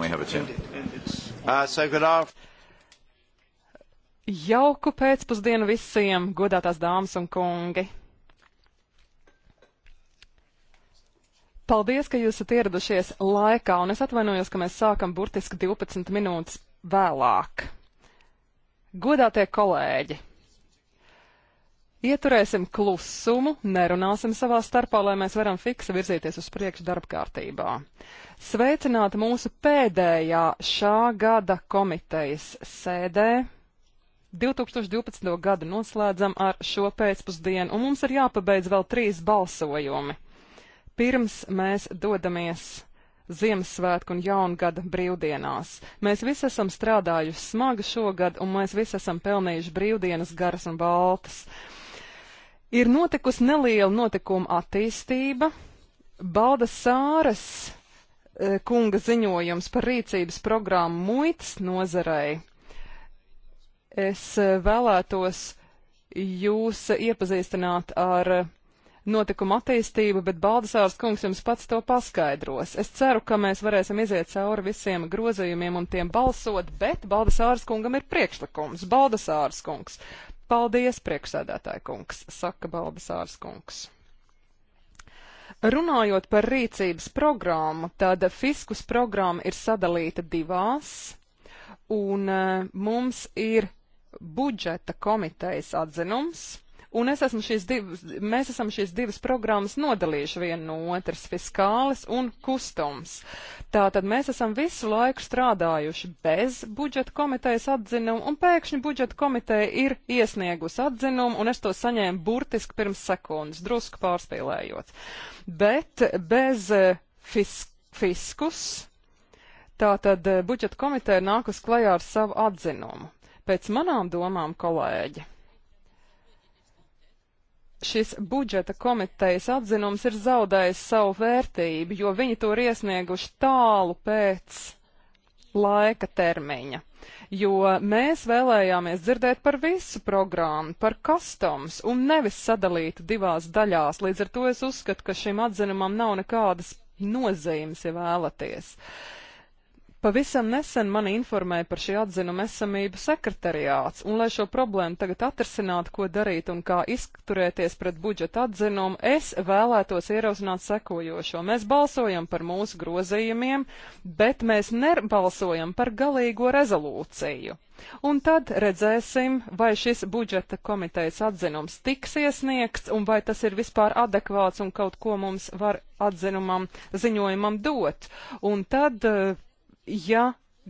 can we have a tune? Uh, so good afternoon. Jauku pēcpusdienu visiem, godātās dāmas un kungi! Paldies, ka jūs esat ieradušies laikā, un es atvainojos, ka mēs sākam burtiski 12 minūtes vēlāk. Godātie kolēģi! Ieturēsim klusumu, nerunāsim savā starpā, lai mēs varam fiksi virzīties uz priekšu darbkārtībā. Sveicināt mūsu pēdējā šā gada komitejas sēdē. 2012. gadu noslēdzam ar šo pēcpusdienu, un mums ir jāpabeidz vēl trīs balsojumi. Pirms mēs dodamies Ziemassvētku un Jaungada brīvdienās. Mēs visi esam strādājuši smagi šogad, un mēs visi esam pelnījuši brīvdienas garas un baltas. Uh, Ir notikusi neliela notikuma attīstība. Balda Sāras e, kunga ziņojums par rīcības programmu muitas nozarei. Es e, vēlētos jūs iepazīstināt ar notikumu attīstību, bet Baldasārs kungs jums pats to paskaidros. Es ceru, ka mēs varēsim iziet cauri visiem grozījumiem un tiem balsot, bet Baldasārs kungam ir priekšlikums. Baldasārs kungs, Paldies, priekšsēdētāja kungs, saka Baldasārs kungs. Runājot par rīcības programmu, tad fiskus programma ir sadalīta divās, un eh, mums ir budžeta komitejas atzinums Un es esmu šīs divas, mēs esam šīs divas programmas nodalījuši vienu no otras - fiskālis un kustums. Tātad mēs esam visu laiku strādājuši bez budžeta komitejas atzinumu, un pēkšņi budžeta komiteja ir iesniegusi atzinumu, un es to saņēmu burtiski pirms sekundes, drusku pārspīlējot. Bet bez eh, fisk fiskus. Tātad eh, budžeta komiteja nāk uz klajā ar savu atzinumu. Pēc manām domām, kolēģi, šis budžeta komitejas atzinums ir zaudējis savu vērtību, jo viņi to ir iesnieguši tālu pēc laika termiņa. Jo mēs vēlējāmies dzirdēt par visu programmu, par customs un nevis sadalītu divās daļās. Līdz ar to es uzskatu, ka šim atzinumam nav nekādas nozīmes, ja vēlaties. Uh, Pavisam nesen mani informēja par šī atzinuma esamību sekretariāts, un lai šo problēmu tagad atrasinātu, ko darīt un kā izturēties pret budžeta atzinumu, es vēlētos ierosināt sekojošo. Mēs balsojam par mūsu grozījumiem, bet mēs nebalsojam par galīgo rezolūciju. Un tad redzēsim, vai šis budžeta komitejas atzinums tiks iesniegts, un vai tas ir vispār adekvāts un kaut ko mums var atzinumam ziņojumam dot. Un tad eh, ja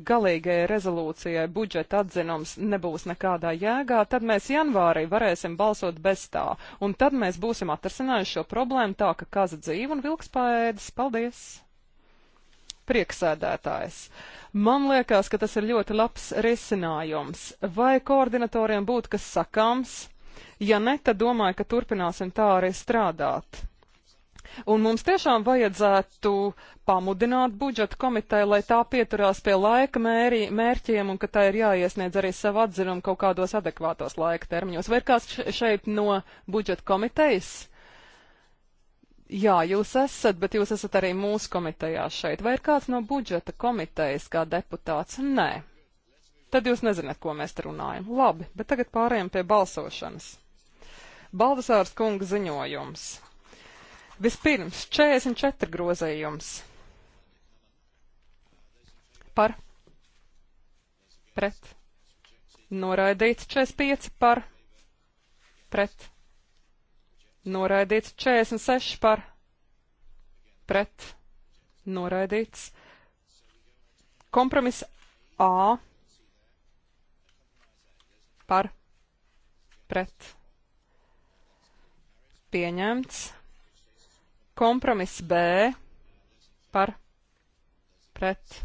galīgajai rezolūcijai budžeta atzinums nebūs nekādā jēgā, tad mēs janvārī varēsim balsot bez tā, un tad mēs būsim atrasinājuši šo problēmu tā, ka kaza dzīve un vilks paēdas. Paldies! Prieksēdētājs. Man liekas, ka tas ir ļoti labs risinājums. Vai koordinatoriem būtu kas sakāms? Ja ne, tad domāju, ka turpināsim tā arī strādāt. Un mums tiešām vajadzētu pamudināt budžeta komiteju, lai tā pieturās pie laika mērī, mērķiem un ka tā ir jāiesniedz arī savu atzinumu kaut kādos adekvātos laika termiņos. Vai ir kāds šeit no budžeta komitejas? Jā, jūs esat, bet jūs esat arī mūsu komitejā šeit. Vai ir kāds no budžeta komitejas kā deputāts? Nē. Tad jūs nezināt, ko mēs te runājam. Labi, bet tagad pārējām pie balsošanas. Baldasārs kunga ziņojums. Vispirms 44 grozējums par pret. Noraidīts 45 par pret. Noraidīts 46 par pret. Noraidīts. Kompromiss A par pret. Pieņemts. Kompromiss B par pret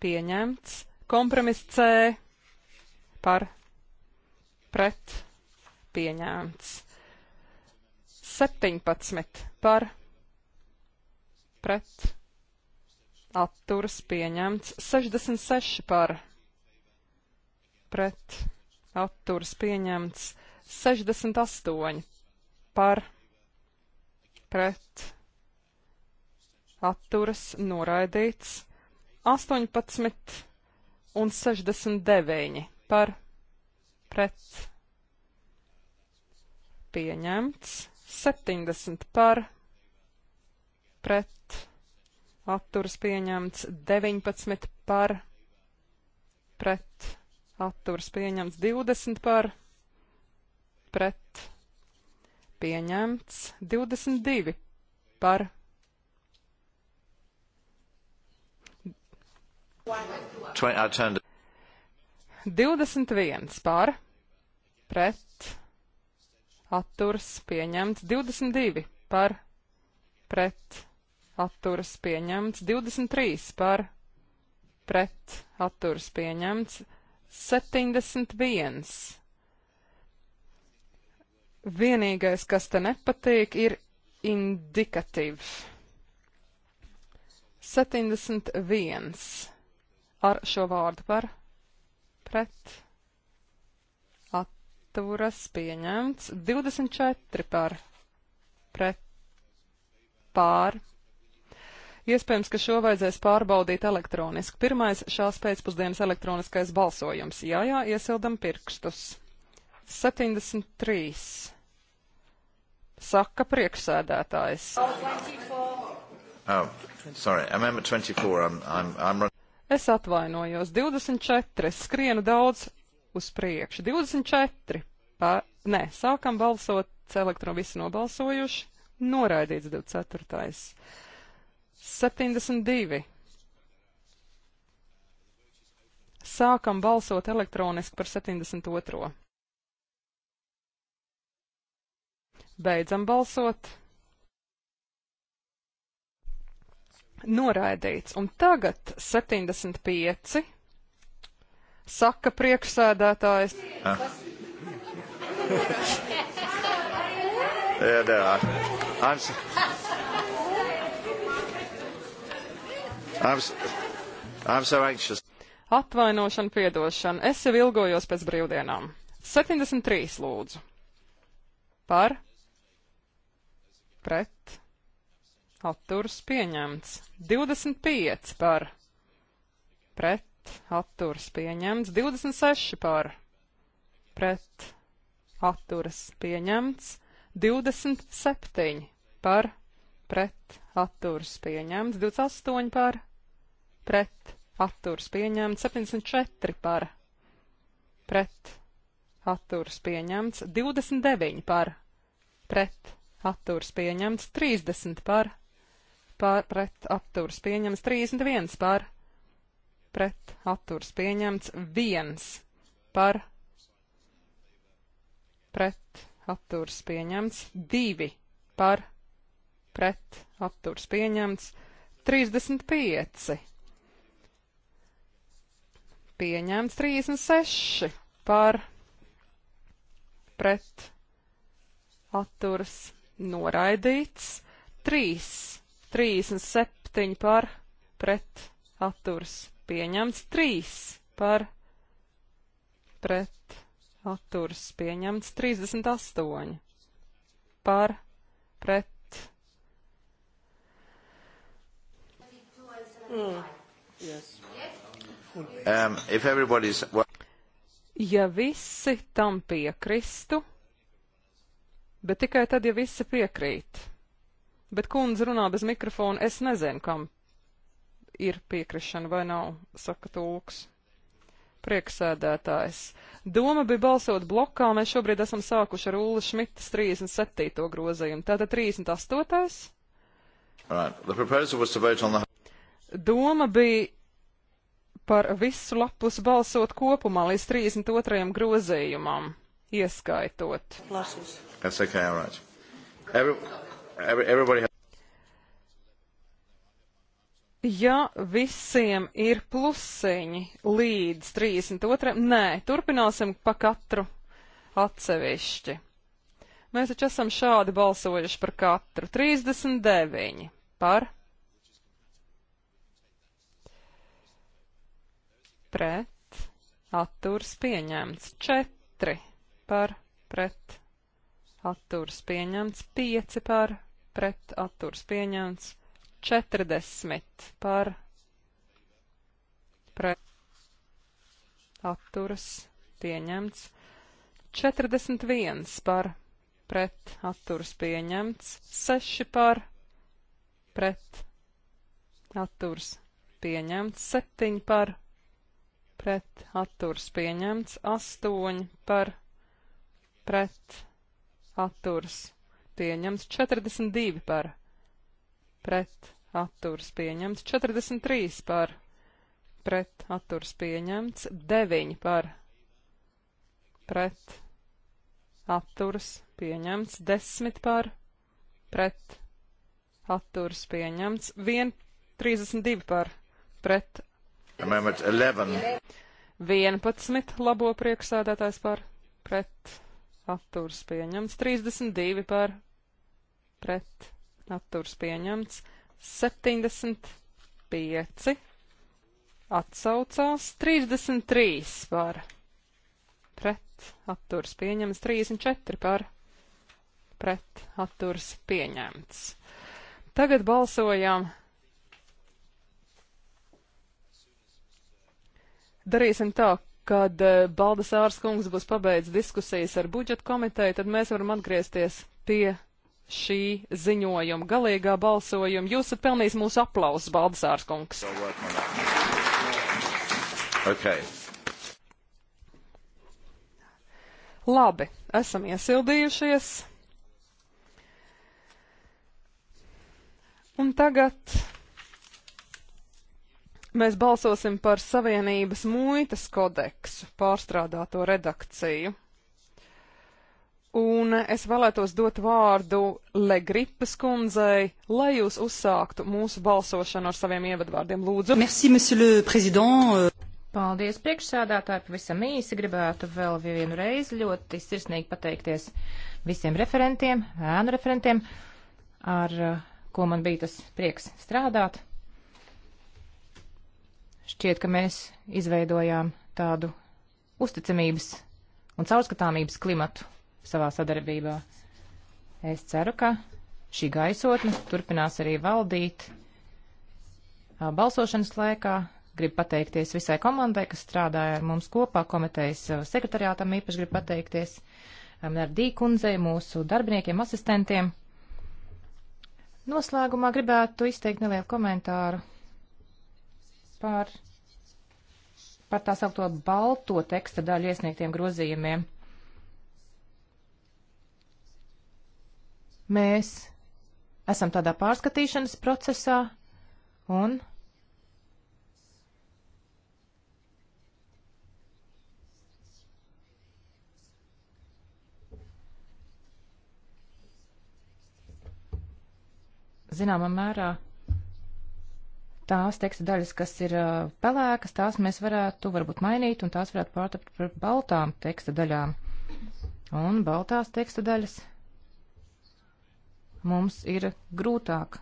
pieņemts. Kompromiss C par pret pieņemts. 17 par pret atturas pieņemts. 66 par pret atturas pieņemts. 68 par pret pret atturas noraidīts 18 un 69 par pret pieņemts 70 par pret atturas pieņemts 19 par pret atturas pieņemts 20 par pret pieņemts. 22 par. Divdesmit viens par, pret, atturs pieņemts, divdesmit divi par, pret, atturs pieņemts, divdesmit trīs par, pret, atturs pieņemts, septiņdesmit viens Vienīgais, kas te nepatīk, ir indikatīvs. 71 ar šo vārdu par pret atturas pieņemts, 24 par pret pār. Iespējams, ka šo vajadzēs pārbaudīt elektroniski. Pirmais šās pēcpusdienas elektroniskais balsojums. Jā, jā, iesildam pirkstus. 73. Saka priekšsēdētājs. Oh, sorry, amendment 24, I'm, I'm, I'm... Es atvainojos, 24, skrienu daudz uz priekšu. 24, pā, nē, sākam balsot, elektronu visi nobalsojuši, noraidīts 24. 72. Sākam balsot elektroniski par 72. Beidzam balsot. Noraidīts. Un tagad 75. Saka priekšsēdētājs. Ah. yeah, no, I'm, I'm, I'm so anxious. Atvainošana, piedošana. Es jau ilgojos pēc brīvdienām. 73 lūdzu. Par? pret, atturs pieņemts. 25 par, pret, atturs pieņemts. 26 par, pret, atturs pieņemts. 27 par, pret, atturs pieņemts. 28 par, pret, atturs pieņemts. 74 par, pret, atturs pieņemts. 29 par, pret, atturs pieņemts 30 par, par pret atturs pieņemts 31 par, pret atturs pieņemts 1 par, pret atturs pieņemts 2 par, pret atturs pieņemts 35 pieņemts 36 par pret atturas noraidīts, 3, 37 par pret atturs pieņemts, 3 par pret atturs pieņemts, 38 par pret. Mm. Yes. Um, if everybody's... Ja visi tam piekristu, bet tikai tad, ja visi piekrīt. Bet kundze runā bez mikrofona, es nezinu, kam ir piekrišana vai nav, saka tūks. Prieksēdētājs. Doma bija balsot blokā, mēs šobrīd esam sākuši ar Ulla Šmitas 37. grozījumu. Tātad 38. Right. The... Doma bija par visu lapus balsot kopumā līdz 32. grozījumam, ieskaitot. Lasus. That's okay, all right. Every, every, everybody has... Ja visiem ir plusiņi līdz 32. Nē, turpināsim pa katru atsevišķi. Mēs taču esam šādi balsojuši par katru. 39 par. Pret. Atturs pieņemts. 4 par. Pret atturs pieņemts, 5 par pret atturs pieņemts, 40 par pret atturas pieņemts, 41 par pret atturas pieņemts, 6 par pret atturs pieņemts, 7 par pret atturs pieņemts, 8 par pret atturs pieņemts atturs pieņemts 42 par pret atturs pieņemts 43 par pret atturs pieņemts 9 par pret atturs pieņemts 10 par pret atturs pieņemts 1 32 par pret. Amendment 11. 11 labo prieksēdētājs par pret atturs pieņemts, 32 par pret atturs pieņemts, 75 atsaucās, 33 par pret atturs pieņemts, 34 par pret atturs pieņemts. Tagad balsojam Darīsim tā, kad eh, Baldasārs kungs būs pabeidz diskusijas ar budžeta komiteju, tad mēs varam atgriezties pie šī ziņojuma galīgā balsojuma. Jūs esat pelnījis mūsu aplausus, Baldasārs kungs. Okay. Labi, esam iesildījušies. Un tagad Mēs balsosim par Savienības muitas kodeksu pārstrādāto redakciju. Un es vēlētos dot vārdu Legripas kundzei, lai jūs uzsāktu mūsu balsošanu ar saviem ievadvārdiem. Lūdzu. Merci, monsieur le président. Paldies, priekšsādātāji. Pavisam īsi gribētu vēl vienu reizi ļoti sirsnīgi pateikties visiem referentiem, ēnu referentiem, ar ko man bija tas prieks strādāt. Šķiet, ka mēs izveidojām tādu uzticamības un caurskatāmības klimatu savā sadarbībā. Es ceru, ka šī gaisotne turpinās arī valdīt balsošanas laikā. Gribu pateikties visai komandai, kas strādāja ar mums kopā, komitejas sekretariātam īpaši gribu pateikties Nardī kundzei, mūsu darbiniekiem, asistentiem. Noslēgumā gribētu izteikt nelielu komentāru par, par tā saukto balto teksta daļu iesniegtiem grozījumiem. Mēs esam tādā pārskatīšanas procesā un zināmā mērā tās teksta daļas, kas ir pelēkas, tās mēs varētu varbūt mainīt, un tās varētu pārtapt par baltām teksta daļām. Un baltās teksta daļas mums ir grūtāk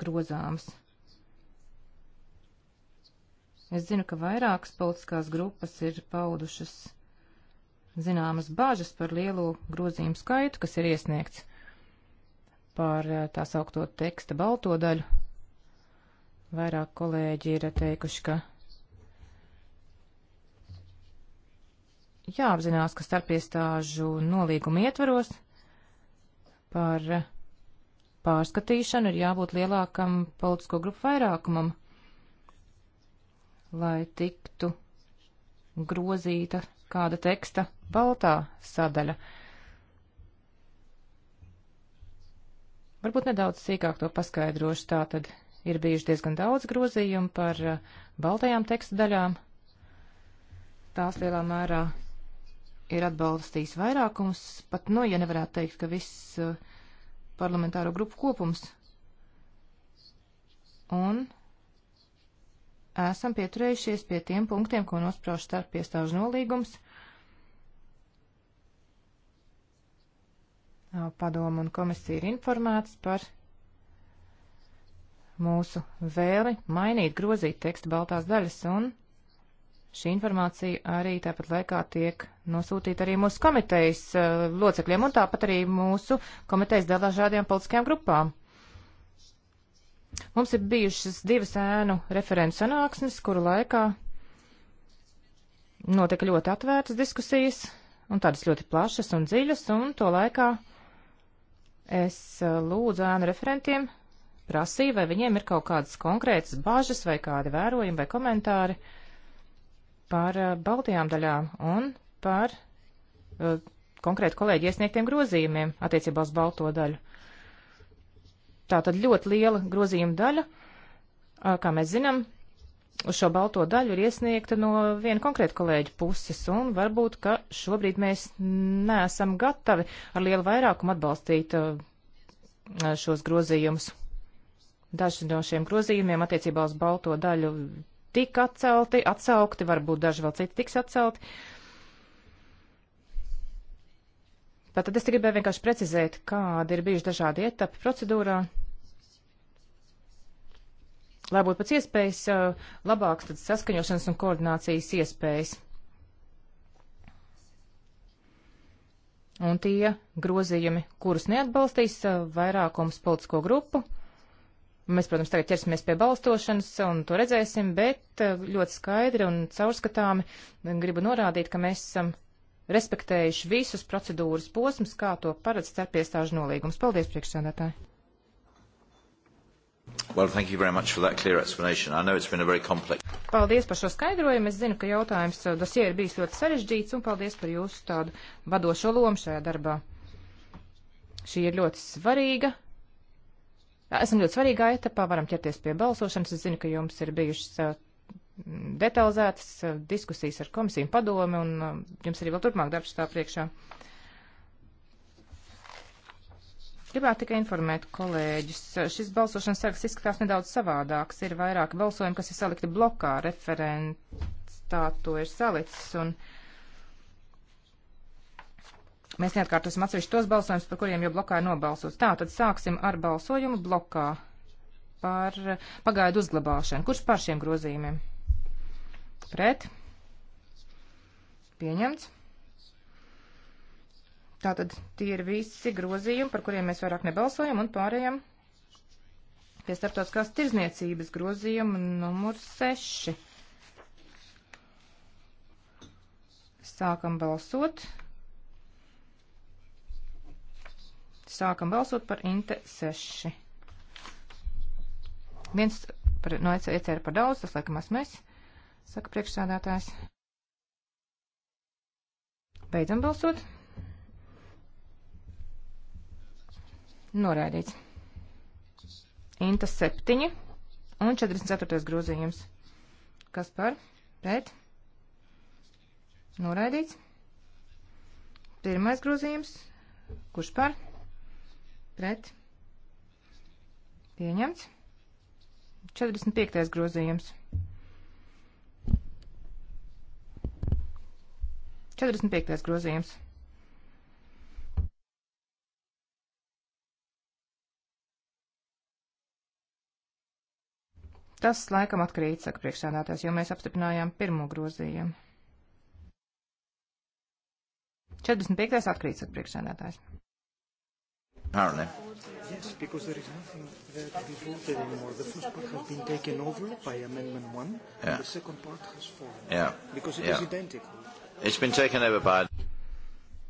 grozāmas. Es zinu, ka vairākas politiskās grupas ir paudušas zināmas bāžas par lielo grozījumu skaitu, kas ir iesniegts par tā saukto teksta balto daļu, Vairāk kolēģi ir teikuši, ka jāapzinās, ka starpiestāžu nolīguma ietvaros par pārskatīšanu ir jābūt lielākam politisko grupu vairākumam, lai tiktu grozīta kāda teksta baltā sadaļa. Varbūt nedaudz sīkāk to paskaidrošu tātad Ir bijuši diezgan daudz grozījumu par uh, baltajām teksta daļām. Tās lielā mērā ir atbalstījis vairākums, pat, nu, ja nevarētu teikt, ka viss uh, parlamentāro grupu kopums. Un esam pieturējušies pie tiem punktiem, ko nosprauž starp iestāžu nolīgums. Padoma un komisija ir informētas par mūsu vēli mainīt, grozīt tekstu baltās daļas, un šī informācija arī tāpat laikā tiek nosūtīta arī mūsu komitejas uh, locekļiem, un tāpat arī mūsu komitejas dažādajām politiskajām grupām. Mums ir bijušas divas ēnu referents sanāksmes, kuru laikā notika ļoti atvērtas diskusijas, un tādas ļoti plašas un dziļas, un to laikā es uh, lūdzu ēnu referentiem prasīju, vai viņiem ir kaut kādas konkrētas bažas vai kādi vērojumi vai komentāri par uh, Baltijām daļām un par uh, konkrēti kolēģi iesniegtiem grozījumiem attiecībā uz balto daļu. Tā tad ļoti liela grozījuma daļa, uh, kā mēs zinām, uz šo balto daļu ir iesniegta no viena konkrēta kolēģa puses, un varbūt, ka šobrīd mēs neesam gatavi ar lielu vairākumu atbalstīt uh, uh, šos grozījumus. Daži no šiem grozījumiem attiecībā uz balto daļu tika atcelti, atsaukti, varbūt daži vēl citi tiks atcelti. Tātad es gribēju vienkārši precizēt, kādi ir bijuši dažādi etapi procedūrā, lai būtu pēc iespējas uh, labāks tad saskaņošanas un koordinācijas iespējas. Un tie grozījumi, kurus neatbalstīs uh, vairākums politisko grupu, Mēs, protams, tagad ķersimies pie balstošanas un to redzēsim, bet eh, ļoti skaidri un caurskatāmi gribu norādīt, ka mēs esam respektējuši visus procedūras posmus, kā to paredz starpiestāžu nolīgums. Paldies, priekšsēdētāji! Well, thank you very much for that clear explanation. I know it's been a very complex. Paldies par šo skaidrojumu. Es zinu, ka jautājums eh, dosie ir bijis ļoti sarežģīts, un paldies par jūsu tādu vadošo lomu šajā darbā. Šī ir ļoti svarīga Esam ļoti svarīgā etapā, varam ķerties pie balsošanas. Es zinu, ka jums ir bijušas uh, detalizētas uh, diskusijas ar komisiju un padomi, un uh, jums arī vēl turpmāk darbs tā priekšā. Gribētu tikai informēt kolēģis. Šis balsošanas saraksts izskatās nedaudz savādāks. Ir vairāki balsojumi, kas ir salikti blokā. Referents tā to ir salicis. Un, uh, Mēs neatkārtosim atsevišķi tos balsojumus, par kuriem jau blokā ir nobalsots. Tā, tad sāksim ar balsojumu blokā par pagaidu uzglabāšanu. Kurš par šiem grozījumiem? Pret? Pieņemts. Tātad tie ir visi grozījumi, par kuriem mēs vairāk nebalsojam un pārējām pie starptautiskās tirzniecības grozījuma numur 6. Sākam balsot. Sākam balsot par Inte 6. Viens par, no ECR par daudz, tas laikam esmu es, saka priekšsādātājs. Beidzam balsot. Noraidīts. Inta 7 un 44. grozījums. Kas par? Pret? Noraidīts. Pirmais grozījums. Kurš par? pret pieņemts. 45. grozījums. 45. grozījums. Tas laikam atkrīt, saka priekšsēdētājs, jo mēs apstiprinājām pirmo grozījumu. 45. atkrīt, saka priekšsēdētājs apparently. Yes, because there is nothing there to be voted anymore. The first part has been taken over by Amendment 1, yeah. and the second part has fallen. Yeah. Because it yeah. is identical. It's been taken over by...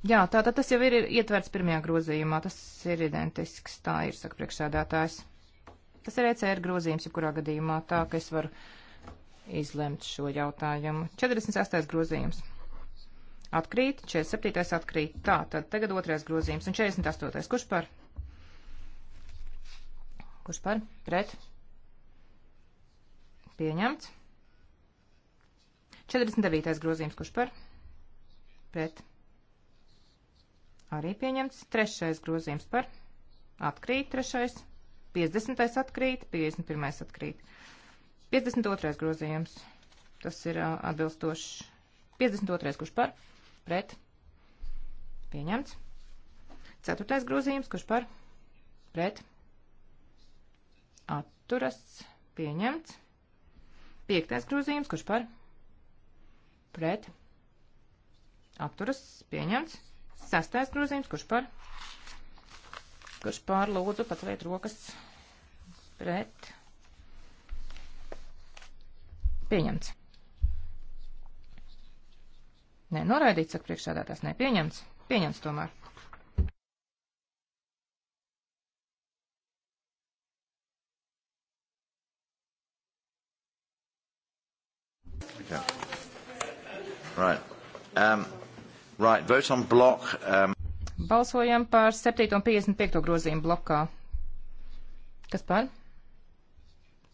Jā, tātad tas jau ir, ir ietverts pirmajā grozījumā, tas ir identisks, tā ir, saka priekšsēdētājs. Tas ir ECR grozījums, jebkurā gadījumā, tā, ka es varu izlemt šo jautājumu. 46. grozījums. Atkrīt, 47. atkrīt. Tā, tad tagad otrais grozījums un 48. Kurš par? Kurš par? Pret? Pieņemts. 49. grozījums. Kurš par? Pret? Arī pieņemts. Trešais grozījums par? Atkrīt, trešais. 50. atkrīt, 51. atkrīt. 52. grozījums. Tas ir atbilstošs. 52. kurš par? pret pieņemts. Ceturtais grozījums, kurš par pret atturas pieņemts. Piektais grozījums, kurš par pret atturas pieņemts. Sastais grozījums, kurš par kurš pār lūdzu paceliet rokas pret pieņemts. Nē, noraidīts, saka priekšsēdētājs. Nē, pieņemts. Pieņemts tomēr. Okay. Right. Um, right. Vote on block. Um... Balsojam par 7. un 55. grozījumu blokā. Kas par?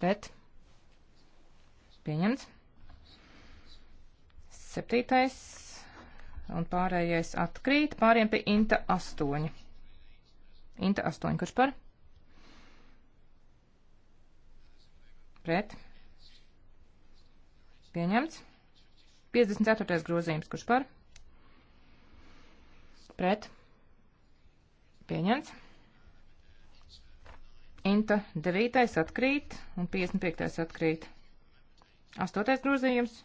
Pret. Pieņemts. Septītais un pārējais atkrīt. Pāriem pie Inta 8. Inta 8, kurš par? Pret. Pieņemts. 54. grozījums, kurš par? Pret. Pieņemts. Inta 9. atkrīt un 55. atkrīt. 8. grozījums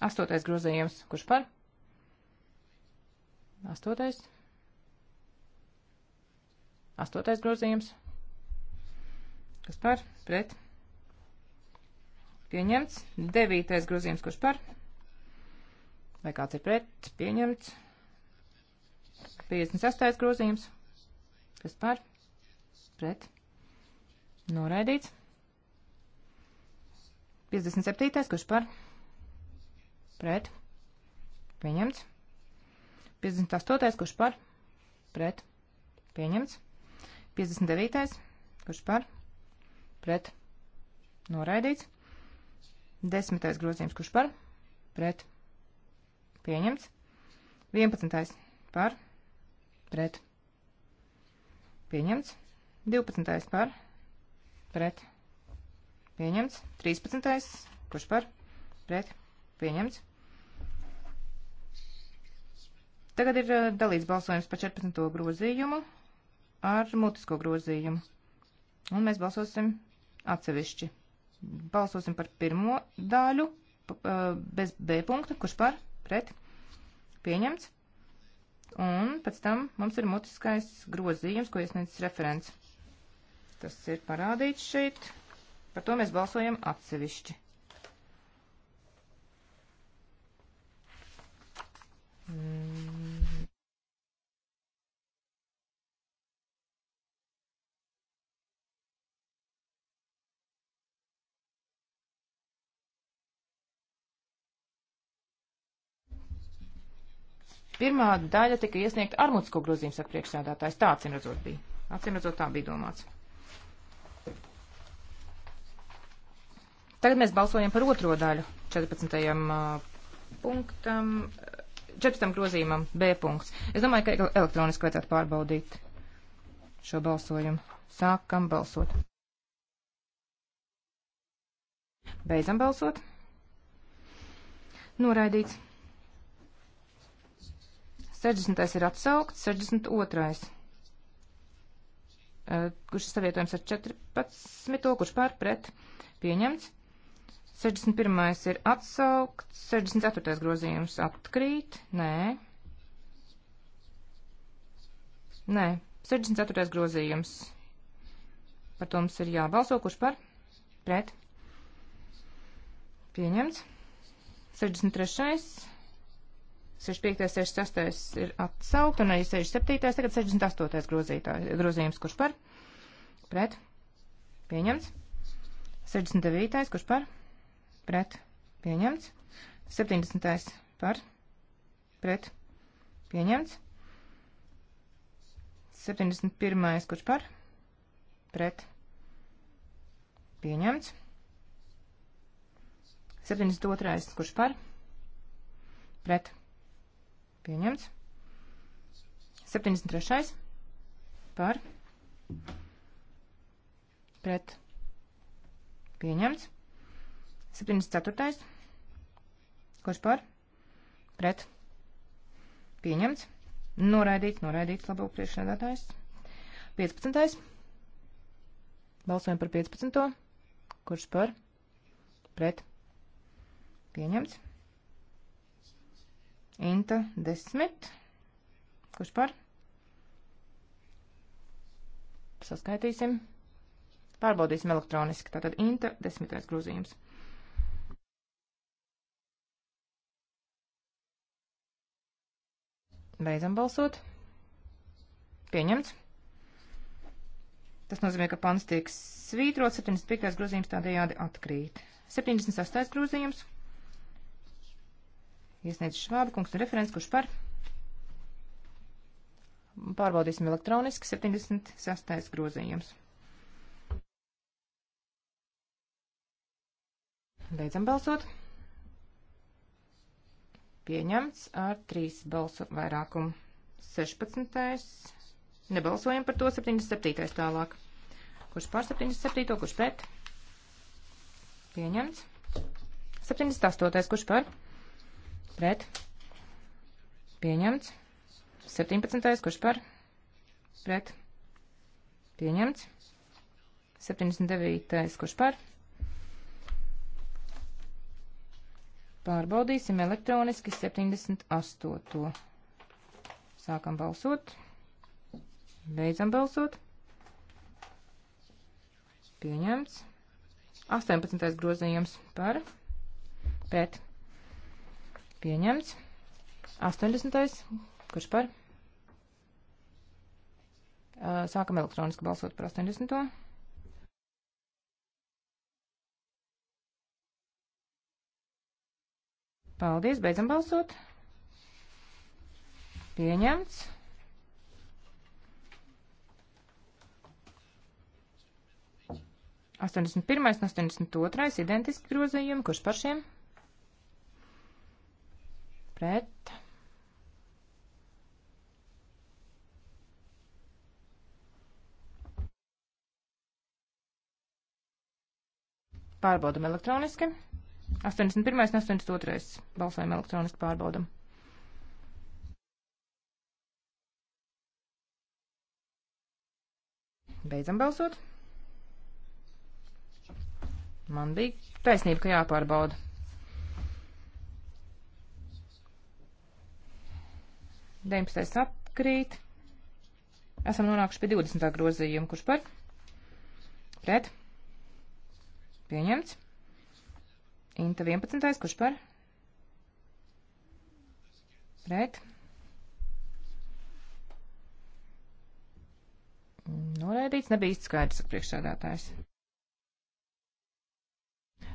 Astotais grozījums. Kurš par? Astotais. Astotais grozījums. Kas par? Pret. Pieņemts. Devītais grozījums. Kurš par? Vai kāds ir pret? Pieņemts. 56. grozījums. Kas par? Pret. Noraidīts. 57. Kurš par? Pret pret, pieņemts. 58. kurš par, pret, pieņemts. 59. kurš par, pret, noraidīts. 10. grozījums, kurš par, pret, pieņemts. 11. par, pret, pieņemts. 12. par, pret, pieņemts. 13. kurš par, pret, pieņemts. Tagad ir eh, dalīts balsojums par 14. grozījumu ar mutisko grozījumu. Un mēs balsosim atsevišķi. Balsosim par pirmo daļu eh, bez B punkta, kurš par pret pieņemts. Un pēc tam mums ir mutiskais grozījums, ko iesniedzis referents. Tas ir parādīts šeit. Par to mēs balsojam atsevišķi. Pirmā daļa tika iesniegta ar mutisko grozījumu, saka priekšsēdētājs. Tā acīm redzot bija. Acīm redzot, tā bija domāts. Tagad mēs balsojam par otro daļu 14. punktam, 14. grozījumam B punkts. Es domāju, ka elektroniski vajadzētu pārbaudīt šo balsojumu. Sākam balsot. Beidzam balsot. Noraidīts. 60. ir atsaukts, 62. Eh, kurš ir savietojams ar 14. Kurš pār pret pieņemts. 61. ir atsaukts, 64. grozījums atkrīt. Nē. Nē, 64. grozījums. Par to mums ir jābalso, kurš par? Pret. Pieņemts. 63. 65. 66. ir atsaukt, un arī 67. tagad 68. Grozītā, grozījums, kurš par? Pret. Pieņemts. 69. kurš par? Pret. Pieņemts. 70. par? Pret. Pieņemts. 71. kurš par? Pret. Pieņemts. 72. kurš par? Pret. Pieņemts. 73. Par. Pret. Pieņemts. 74. Kurš par? Pret. Pieņemts. Noraidīts, noraidīts, labo priekšsēdētājs. 15. Balsojam par 15. Kurš par? Pret. Pieņemts. Inta 10. Kurš par? Saskaitīsim. Pārbaudīsim elektroniski. Tātad Inta 10. grozījums. Beidzam balsot. Pieņemts. Tas nozīmē, ka pants tiek svītrot, 75. grozījums tādējādi atkrīt. 78. grozījums. Iesniedz Švāba kungs un referents, kurš par. Pārbaudīsim elektroniski 76. grozījums. Beidzam balsot. Pieņemts ar trīs balsu vairākumu. 16. Nebalsojam par to 77. tālāk. Kurš pār 77. kurš pret? Pieņemts. 78. kurš par? pret, pieņemts. 17. kurš par, pret, pieņemts. 79. kurš par. Pārbaudīsim elektroniski 78. Sākam balsot. Beidzam balsot. Pieņemts. 18. grozījums par pret Pieņemts. 80. Kurš par? Sākam elektroniski balsot par 80. Paldies, beidzam balsot. Pieņemts. Astoņdesmit pirmais un astoņdesmit otrais identiski grozījumi, kurš par šiem? pret. Pārbaudam elektroniski. 81. un 82. balsojam elektroniski pārbaudam. Beidzam balsot. Man bija taisnība, ka jāpārbauda. 19. atkrīt. Esam nonākuši pie 20. grozījuma, kurš par pret pieņemts. Inta 11. kurš par pret noraidīts, nebija īsti skaidrs priekšsēdētājs.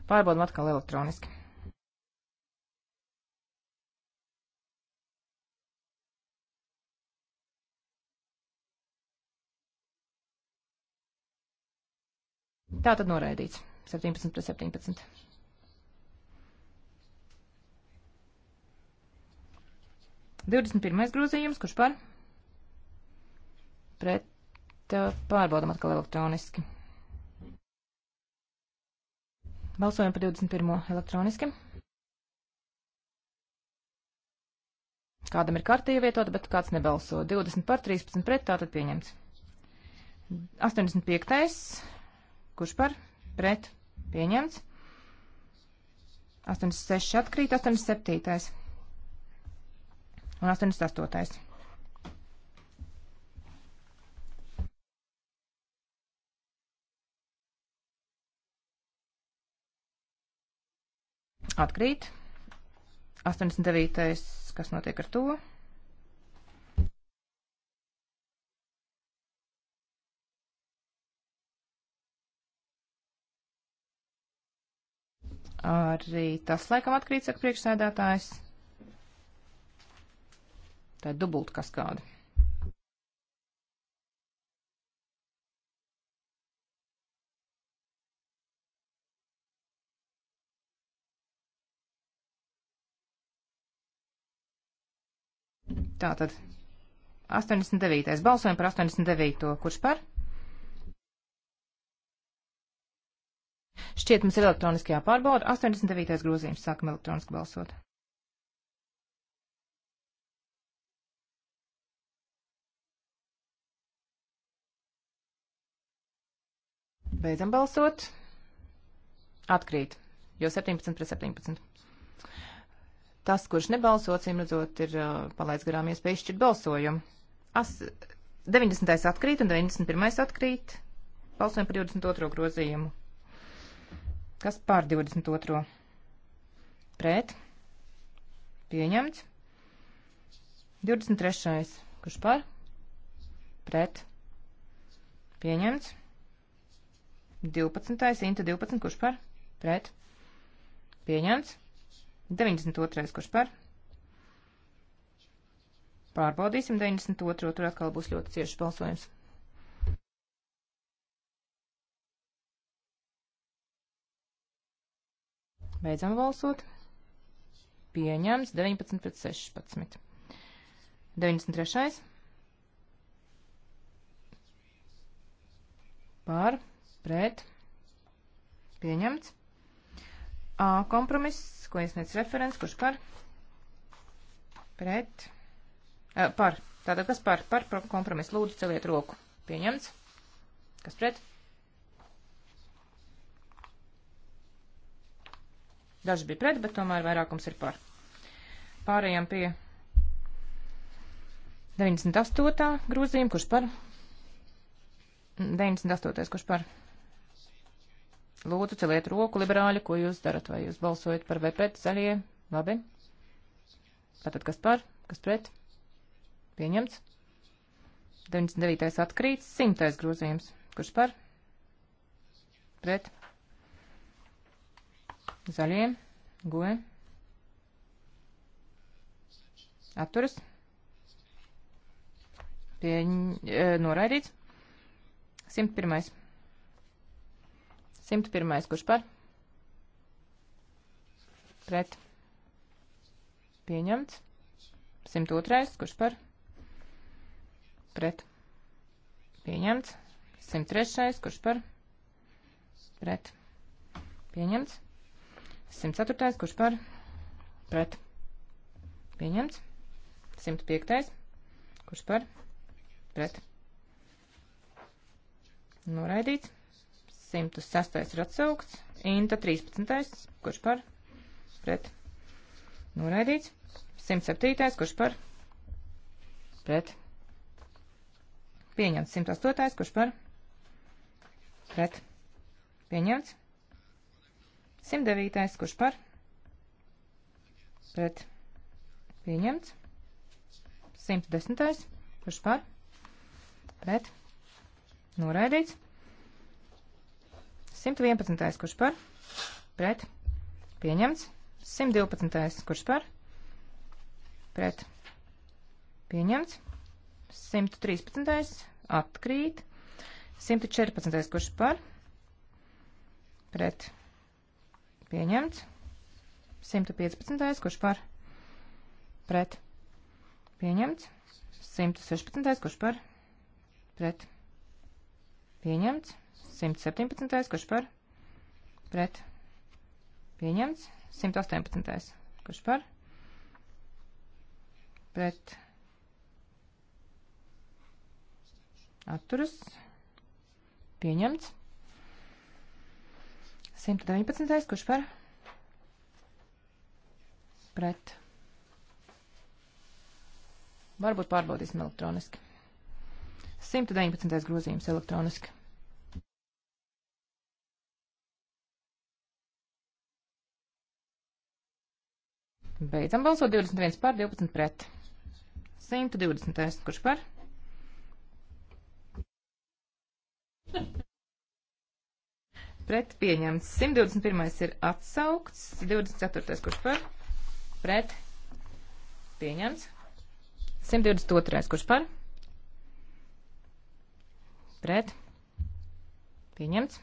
Pārbaudam atkal elektroniski. Tā tad noraidīts. 17 pret 17. Divdesmit pirmais grozījums, kurš par? Pret pārbaudam atkal elektroniski. Balsojam par 21. elektroniski. Kādam ir karta ievietota, bet kāds nebalso. 20 par 13 pret, tātad pieņemts. 85. Kurš par? Pret. Pieņemts. 86 atkrīt, 87. un 88. Atkrīt. 89. kas notiek ar to? Arī tas laikam atkrīt, saka priekšsēdētājs. Tā ir dubulta kaskāda. Tātad 89. balsojam par 89. kurš par? Šķiet mums ir elektroniskajā pārbauda. 89. grozījums sākam elektroniski balsot. Beidzam balsot. Atkrīt, jo 17 pret 17. Tas, kurš nebalso, cīm redzot, ir uh, palaids garām iespēju izšķirt balsojumu. As, 90. atkrīt un 91. atkrīt. Balsojam par 22. grozījumu. Kas pār 22. Pret. Pieņemts. 23. Kurš par? Pret. Pieņemts. 12. Inta 12. Kurš par? Pret. Pieņemts. 92. Kurš par? Pārbaudīsim 92. Tur atkal būs ļoti cieši balsojums. Beidzam balsot. Pieņems 19 pret 16. 93. Par, pret, pieņemts. A kompromiss, ko iesniedz referents, kurš par, pret, a, par. Tātad, kas par, par kompromisu lūdzu celiet roku. Pieņemts. Kas pret? Daži bija pret, bet tomēr vairākums ir par. Pārējām pie 98. grozījuma, kurš par. 98. kurš par. Lūdzu, celiet roku, liberāļi, ko jūs darat, vai jūs balsojat par vai pret zaļie? Labi. Tātad kas par, kas pret? Pieņemts. 99. atkrīts, 100. grozījums. Kurš par? Pret. Zaļie. Goe. Atturas. Pieņ... E, noraidīts. 101. 101. Kurš par? Pret. Pieņemts. 102. Kurš par? Pret. Pieņemts. 103. Kurš par? Pret. Pieņemts. 104. Kurš par? Pret. Pieņemts. 105. Kurš par? Pret. Noraidīts. 106. ir atsaukts. Inta 13. Kurš par? Pret. Noraidīts. 107. Kurš par? Pret. Pieņemts. 108. Kurš par? Pret. Pieņemts. 109. kurš par? Pret. Pieņemts. 110. kurš par? Pret. Noraidīts. 111. kurš par? Pret. Pieņemts. 112. kurš par? Pret. Pieņemts. 113. atkrīt. 114. kurš par? Pret. Pieņemts. 115. Kurš par? Pret. Pieņemts. 116. Kurš par? Pret. Pieņemts. 117. Kurš par? Pret. Pieņemts. 118. Kurš par? Pret. Atturas. Pieņemts. 119. kurš par? Pret. Varbūt pārbaudīsim elektroniski. 119. grozījums elektroniski. Beidzam balsot 21 pār 12 pret. 120. kurš par? pret pieņemts. 121. ir atsaukts. 24. kurš par pret pieņemts. 122. kurš par pret pieņemts.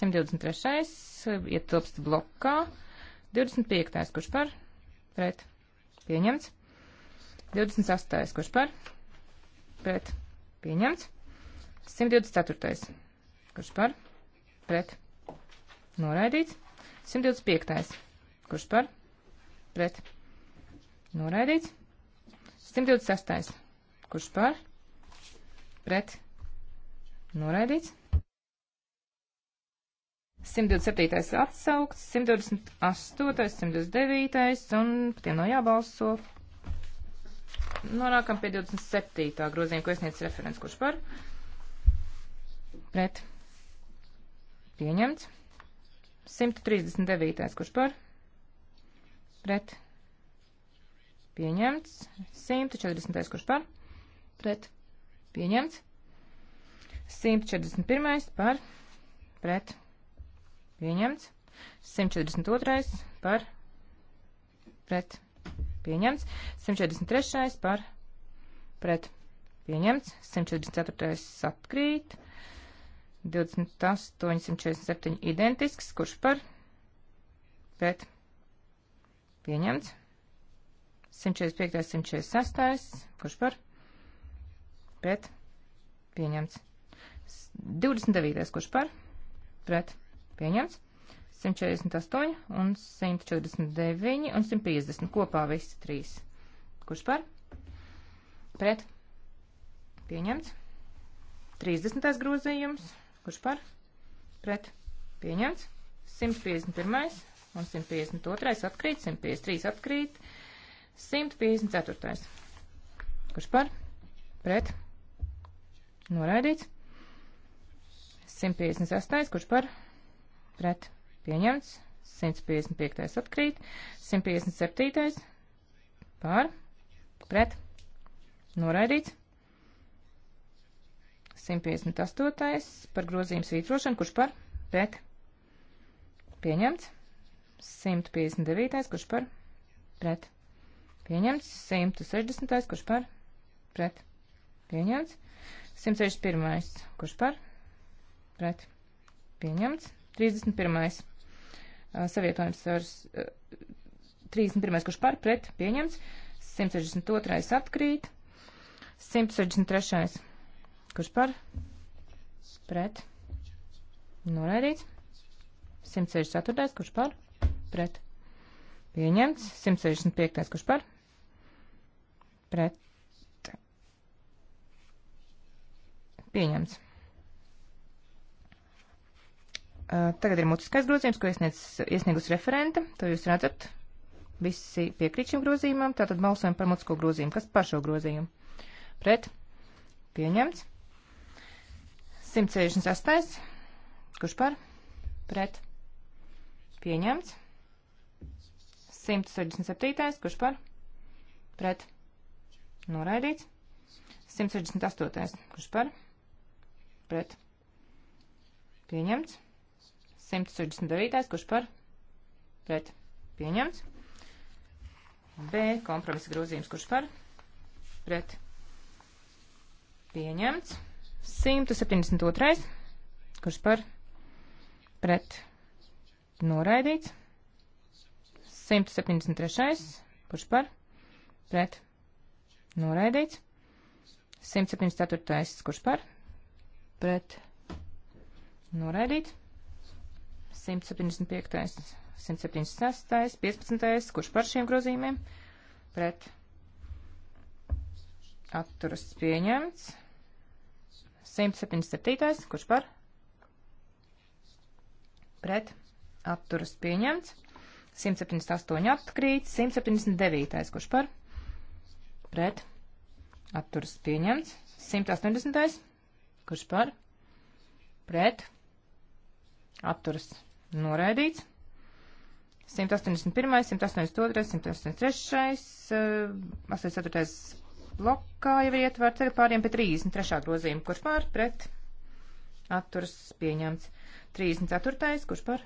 123. ietilpst blokā. 25. kurš par pret pieņemts. 28. kurš par pret pieņemts. 124. kurš par pret pret, noraidīts. 125. Kurš par? Pret. Noraidīts. 126. Kurš par? Pret. Noraidīts. 127. atsaukts, 128. 129. un par tiem nav jābalso. Nonākam pie 27. grozījuma, ko iesniedz referents. Kurš par? Pret. Pieņemts. 139. Kurš par? Pret. Pieņemts. 140. Kurš par? Pret. Pieņemts. 141. Par. Pret. Pieņemts. 142. Par. Pret. Pieņemts. 143. Par. Pret. Pieņemts. 144. Atkrīt. 2847 identisks, kurš par pret pieņemts. 145, 146, kurš par pret pieņemts. 29, kurš par pret pieņemts. 148 un 149 un 150 kopā visi trīs. Kurš par? Pret. Pieņemts. 30. grozījums. Kurš par? Pret. Pieņemts. 151. un 152. atkrīt. 153 atkrīt. 154. Kurš par? Pret. Noraidīts. 158. Kurš par? Pret. Pieņemts. 155. atkrīt, 157. pār, pret, noraidīts, 158. par grozījumu svītrošanu, kurš par pret pieņemts. 159. kurš par pret pieņemts. 160. kurš par pret pieņemts. 161. kurš par pret pieņemts. 31. savietojums ar 31. kurš par pret pieņemts. 162. atkrīt. 163. Kurš par? Pret. Noraidīts. 164. Kurš par? Pret. Pieņemts. 165. Kurš par? Pret. Pieņemts. Tagad ir mutiskais grozījums, ko iesniedz, iesniegus referenta. To jūs redzat. Visi piekrīt šim grozījumam. Tātad balsojam par mutisko grozījumu. Kas par šo grozījumu? Pret. Pieņemts. 168. Kurš par? Pret. Pieņemts. 167. Kurš par? Pret. Noraidīts. 168. Kurš par? Pret. Pieņemts. 169. Kurš par? Pret. Pieņemts. B. Kompromisa grozījums. Kurš par? Pret. Pieņemts. 172. Kurš par pret noraidīts. 173. Kurš par pret noraidīts. 174. Kurš par pret noraidīts. 175. 176. 15. Kurš par šiem grozījumiem pret atturas pieņemts. 177. Kurš par? Pret. Atturas pieņemts. 178 atkrīt. 179. Kurš par? Pret. Atturas pieņemts. 180. Kurš par? Pret. Atturas noraidīts. 181, 182, 183, 84 blokā jau ir ietverts, tagad pāriem pie 33. grozījuma, kurš pār pret atturas pieņemts. 34. kurš pār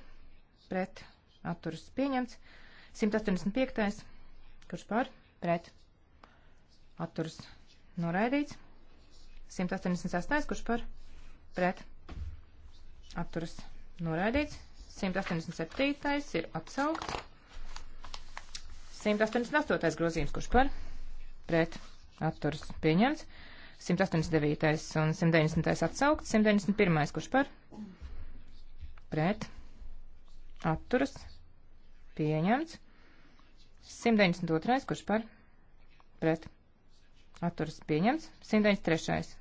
pret atturas pieņemts. 185. kurš pār pret atturas noraidīts. 186. kurš pār pret atturas noraidīts. 187. ir atsaukts. 188. grozījums, kurš par pret atturs pieņemts. 189. un 190. atsaukt. 191. kurš par? Pret. Atturas. Pieņemts. 192. kurš par? Pret. Atturas. Pieņemts. 193.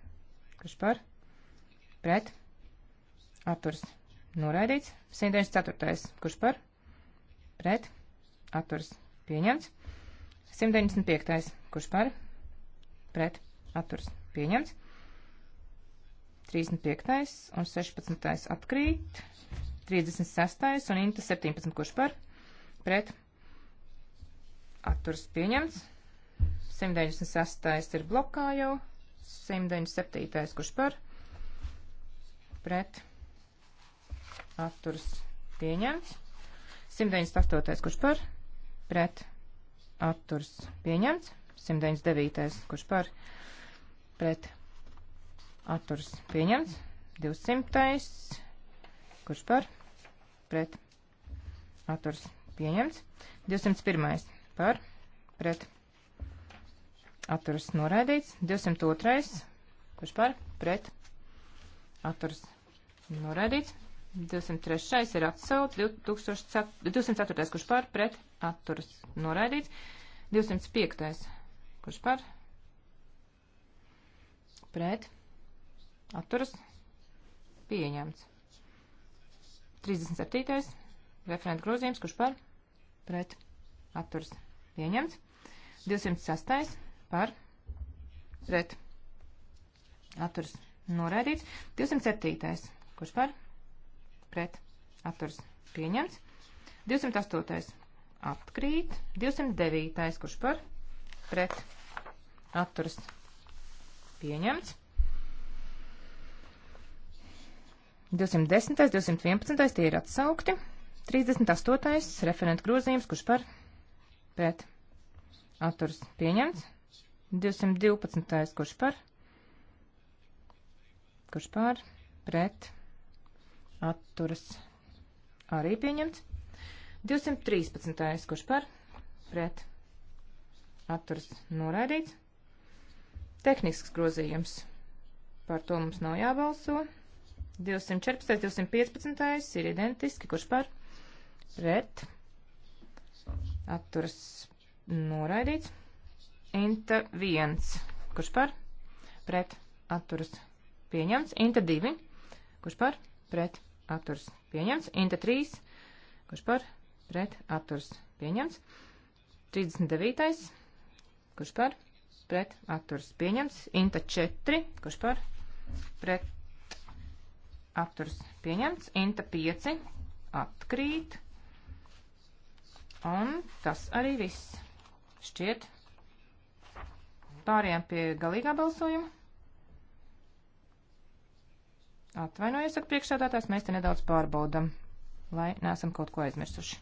kurš par? Pret. Atturas. Noraidīts. 194. kurš par? Pret. Atturas. Pieņemts. 195. kurš par? Pret pret atturs pieņemts. 35. un 16. atkrīt. 36. un Inta 17. kurš par pret atturs pieņemts. 196. ir blokā jau. 197. kurš par pret atturs pieņemts. 198. kurš par pret atturs pieņemts. 199. Kurš par? Pret. Atturs pieņemts. 200. Kurš par? Pret. Atturs pieņemts. 201. Par. Pret. Atturs noraidīts. 202. Kurš par? Pret. Atturs noraidīts. 203. ir atsaukt. 204. Kurš par? Pret. Atturs noraidīts. 205. Kurš par? Pret. Atturas. Pieņemts. 37. Referenta grozījums. Kurš par? Pret. Atturas. Pieņemts. 206. Par. Pret. Atturas. Noraidīts. 207. Kurš par? Pret. Atturas. Pieņemts. 208. Atkrīt. 209. Kurš par? Pret atturas pieņemts. 210, 211, tie ir atsaukti. 38. referenta grozījums, kurš par pret atturas pieņemts. 212. kurš par kurš par pret atturas arī pieņemts. 213. kurš par pret atturas noraidīts. Tehnisks grozījums. Par to mums nav jābalso. 214, 215 ir identiski, kurš par pret atturas noraidīts. Inta 1, kurš par pret atturas pieņemts. Inta 2, kurš par pret atturas pieņemts. Inta 3, kurš par pret atturas pieņemts. 39, kurš par pret atturs pieņemts. Inta 4, kurš par pret atturs pieņemts. Inta 5 atkrīt. Un tas arī viss. Šķiet. Pārējām pie galīgā balsojuma. Atvainojies, saka priekšsēdētājs, mēs te nedaudz pārbaudam, lai nesam kaut ko aizmirsuši.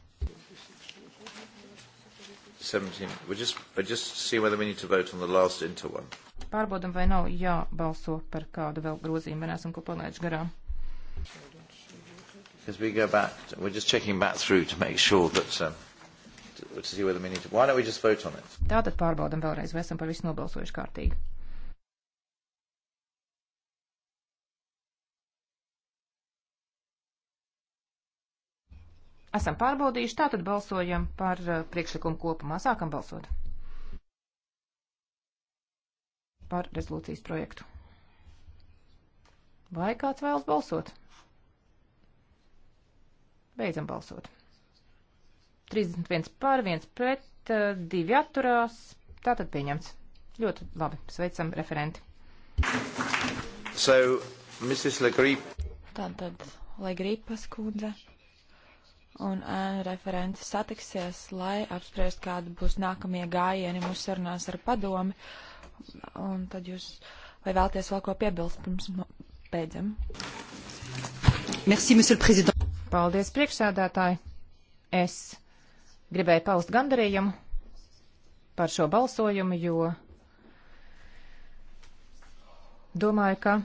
17. We'll just, we'll just see whether we need to vote on the last inter one. Pārbaudam, vai nav jābalso par kādu vēl grozījumu, vai neesam ko palaiduši garām. Because we go back, we're just checking back through to make sure that, um, to, to see whether we need to, why don't we just vote on it? Tātad pārbaudam vēlreiz, vai esam par visu nobalsojuši kārtīgi. Esam pārbaudījuši, tātad balsojam par uh, priekšlikumu kopumā. Sākam balsot par rezolūcijas projektu. Vai kāds vēlas balsot? Beidzam balsot. 31 pār, 1 pret, 2 uh, atturās. Tātad pieņemts. Ļoti labi. Sveicam referenti. So, Mrs. Legrip. Tātad Legripas kundze un ēnu referenti satiksies, lai apspriest, kādi būs nākamie gājieni mūsu sarunās ar padomi. Un tad jūs vai vēlties vēl ko piebilst pirms nu, beidzam? Merci, monsieur le président. Paldies, priekšsēdētāji. Es gribēju paust gandarījumu par šo balsojumu, jo domāju, ka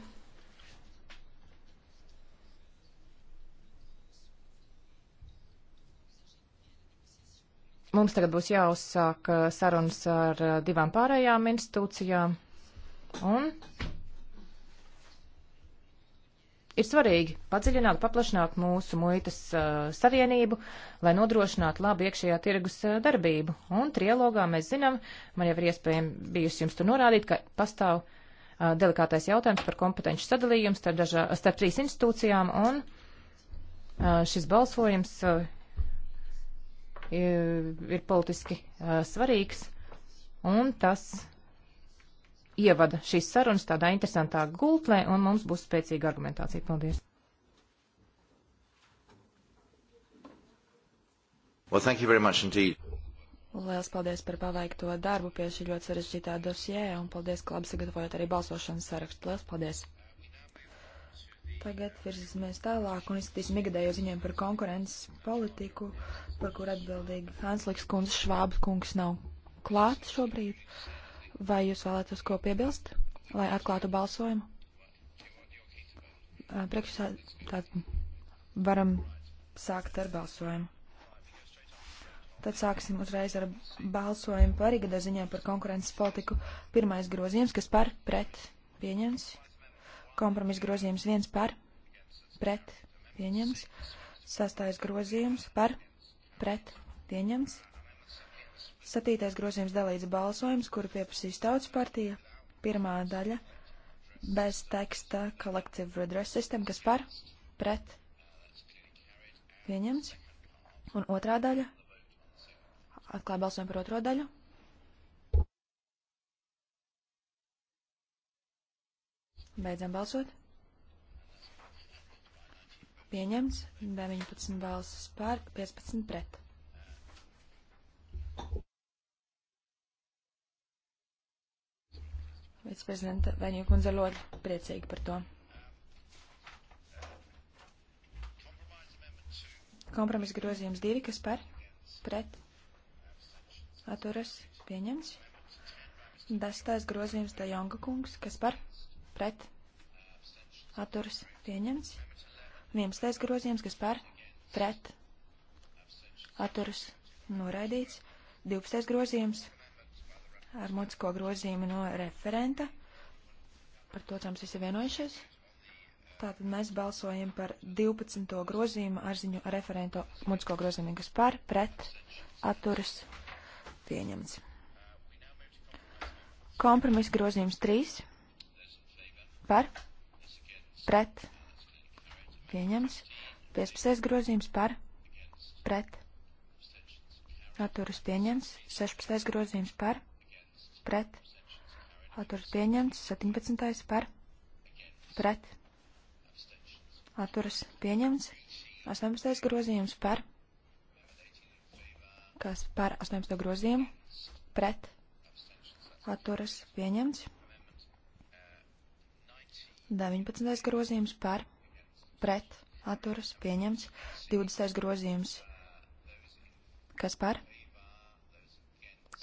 Mums tagad būs jāuzsāk uh, sarunas ar uh, divām pārējām institūcijām. Un ir svarīgi padziļināt, paplašināt mūsu muitas uh, savienību, lai nodrošinātu labu iekšējā tirgus uh, darbību. Un trialogā mēs zinām, man jau ir iespējami bijusi jums tur norādīt, ka pastāv uh, delikātais jautājums par kompetenci sadalījumu starp, dažā, starp trīs institūcijām, un uh, šis balsojums uh, ir politiski svarīgs, un tas ievada šīs sarunas tādā interesantā gultnē, un mums būs spēcīga argumentācija. Paldies! Well, thank you very much indeed. Lielas paldies par paveikto darbu pie šī ļoti sarežģītā dosjē, un paldies, ka labi sagatavojat arī balsošanas sarakstu. Lielas paldies! Tagad virzīsimies tālāk un izskatīsim ikgadējo ziņojumu par konkurences politiku, par kur atbildīgi Hansliks kundze, Švāba kungs nav klāt šobrīd. Vai jūs vēlētos ko piebilst, lai atklātu balsojumu? Priekšsā tā varam sākt ar balsojumu. Tad sāksim uzreiz ar balsojumu par ikgadējo ziņojumu par konkurences politiku. Pirmais grozījums, kas par pret pieņems. Kompromiss grozījums viens par, pret, pieņems. Sastais grozījums par, pret, pieņems. Satītais grozījums dalīts balsojums, kuru pieprasīs tautas partija. Pirmā daļa bez teksta Collective Redress System, kas par, pret, pieņems. Un otrā daļa atklāja balsojumu par otro daļu. Beidzam balsot. Pieņemts 19 balsas pār, 15 pret. Viceprezidenta Veņu kundze ļoti priecīga par to. Kompromiss grozījums divi, kas par, pret, atturas, pieņems. Desmitais grozījums Dajonga kungs, kas par, pret, atturas, pieņemts. 11. grozījums, kas par, pret, atturas, noraidīts. 12. grozījums ar mutisko grozījumu no referenta. Par to tam visi vienojušies. Tātad mēs balsojam par 12. grozījumu ar ziņu referento mutisko grozījumu, kas par, pret, atturas, pieņemts. Kompromisa grozījums 3 par, pret, pieņems. 15. grozījums par, pret, atturas pieņems. 16. grozījums par, pret, atturas pieņems. 17. par, pret, atturas pieņems. 18. grozījums par, kas par 18. grozījumu, pret, atturas pieņems. 19. grozījums par, pret, atturas, pieņemts. 20. grozījums, kas par,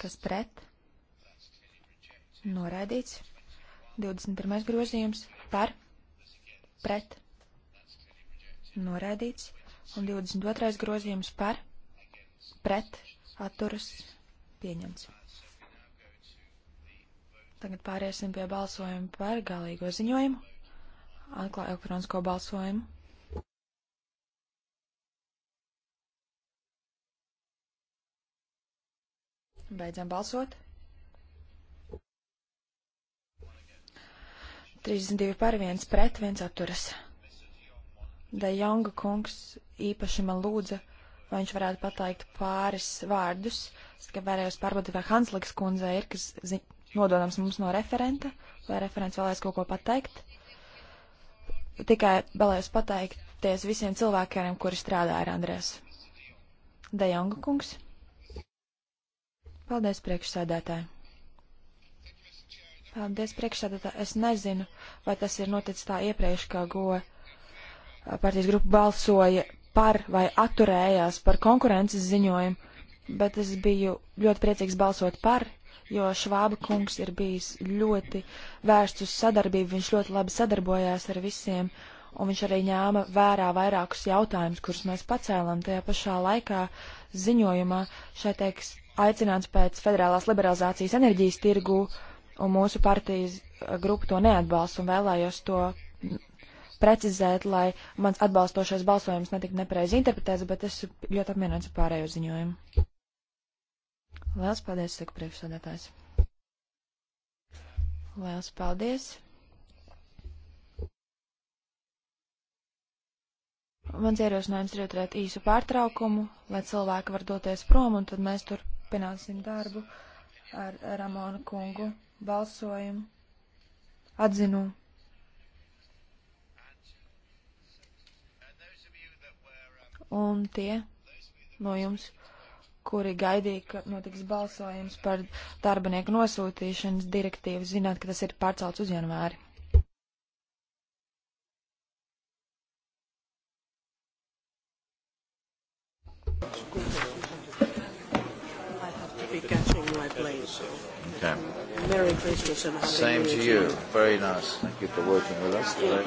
kas pret, noraidīts. 21. grozījums par, pret, noraidīts. Un 22. grozījums par, pret, atturas, pieņemts. Tagad pāriesim pie balsojuma par galīgo ziņojumu atklāju elektronisko balsojumu. Beidzam balsot. 32 par 1 pret 1 atturas. De Jonga kungs īpaši man lūdza, vai viņš varētu pateikt pāris vārdus. Es tikai vērējos pārbaudīt, vai Hansliks kundzei ir, kas nododams mums no referenta, vai referents vēlēs kaut ko pateikt tikai vēlējos pateikties visiem cilvēkiem, kuri strādāja ar Andrēs. Dejonga kungs. Paldies, priekšsēdētāji. Paldies, priekšsēdētāji. Es nezinu, vai tas ir noticis tā iepriekš, kā goja partijas grupa balsoja par vai atturējās par konkurences ziņojumu, bet es biju ļoti priecīgs balsot par, jo Švāba kungs ir bijis ļoti vērsts uz sadarbību, viņš ļoti labi sadarbojās ar visiem, un viņš arī ņēma vērā vairākus jautājumus, kurus mēs pacēlam tajā pašā laikā ziņojumā. Šeit teiks aicināts pēc federālās liberalizācijas enerģijas tirgū, un mūsu partijas eh, grupa to neatbalsta un vēlējos to precizēt, lai mans atbalstošais balsojums netika nepareizi interpretēts, bet es ļoti apmierināts ar pārējo ziņojumu. Lielas paldies, saka priekšsādātājs. Lielas paldies. Mans ierosinājums ir ieturēt īsu pārtraukumu, lai cilvēki var doties prom, un tad mēs turpināsim darbu ar Ramona kungu balsojumu atzinumu. Un tie no jums, kuri gaidīja, ka notiks balsojums par darbinieku nosūtīšanas direktīvu, zināt, ka tas ir pārcelts uz janvāri. I have to be catching my plane, so. Okay. Merry Christmas and Happy Same New Year. Same to you. Very nice. Thank you for working with us today.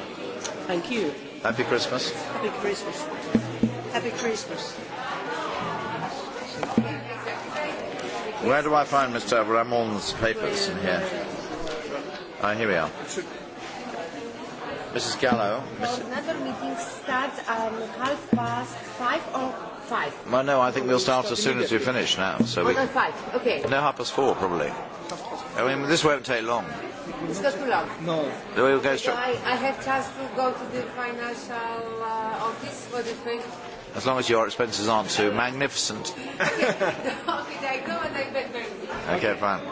Thank you. Happy Christmas. Happy Christmas. Happy Christmas. Where do I find Mr. Ramon's papers in here? Ah, here we are. Mrs. Gallo. Mrs. Another meeting starts at half past five or five. Well, no, I think we'll start as soon as we finish now. So we. Oh, five. Okay. No, half past four probably. I mean, this won't take long. It's not too long. No. We'll go straight. I, I have chance to go to the financial uh, office for the first As long as your expenses aren't too magnificent. okay, fine.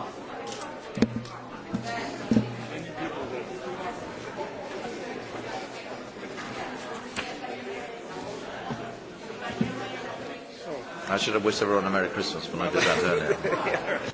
I should have wished everyone a Merry Christmas when I did that earlier. yeah.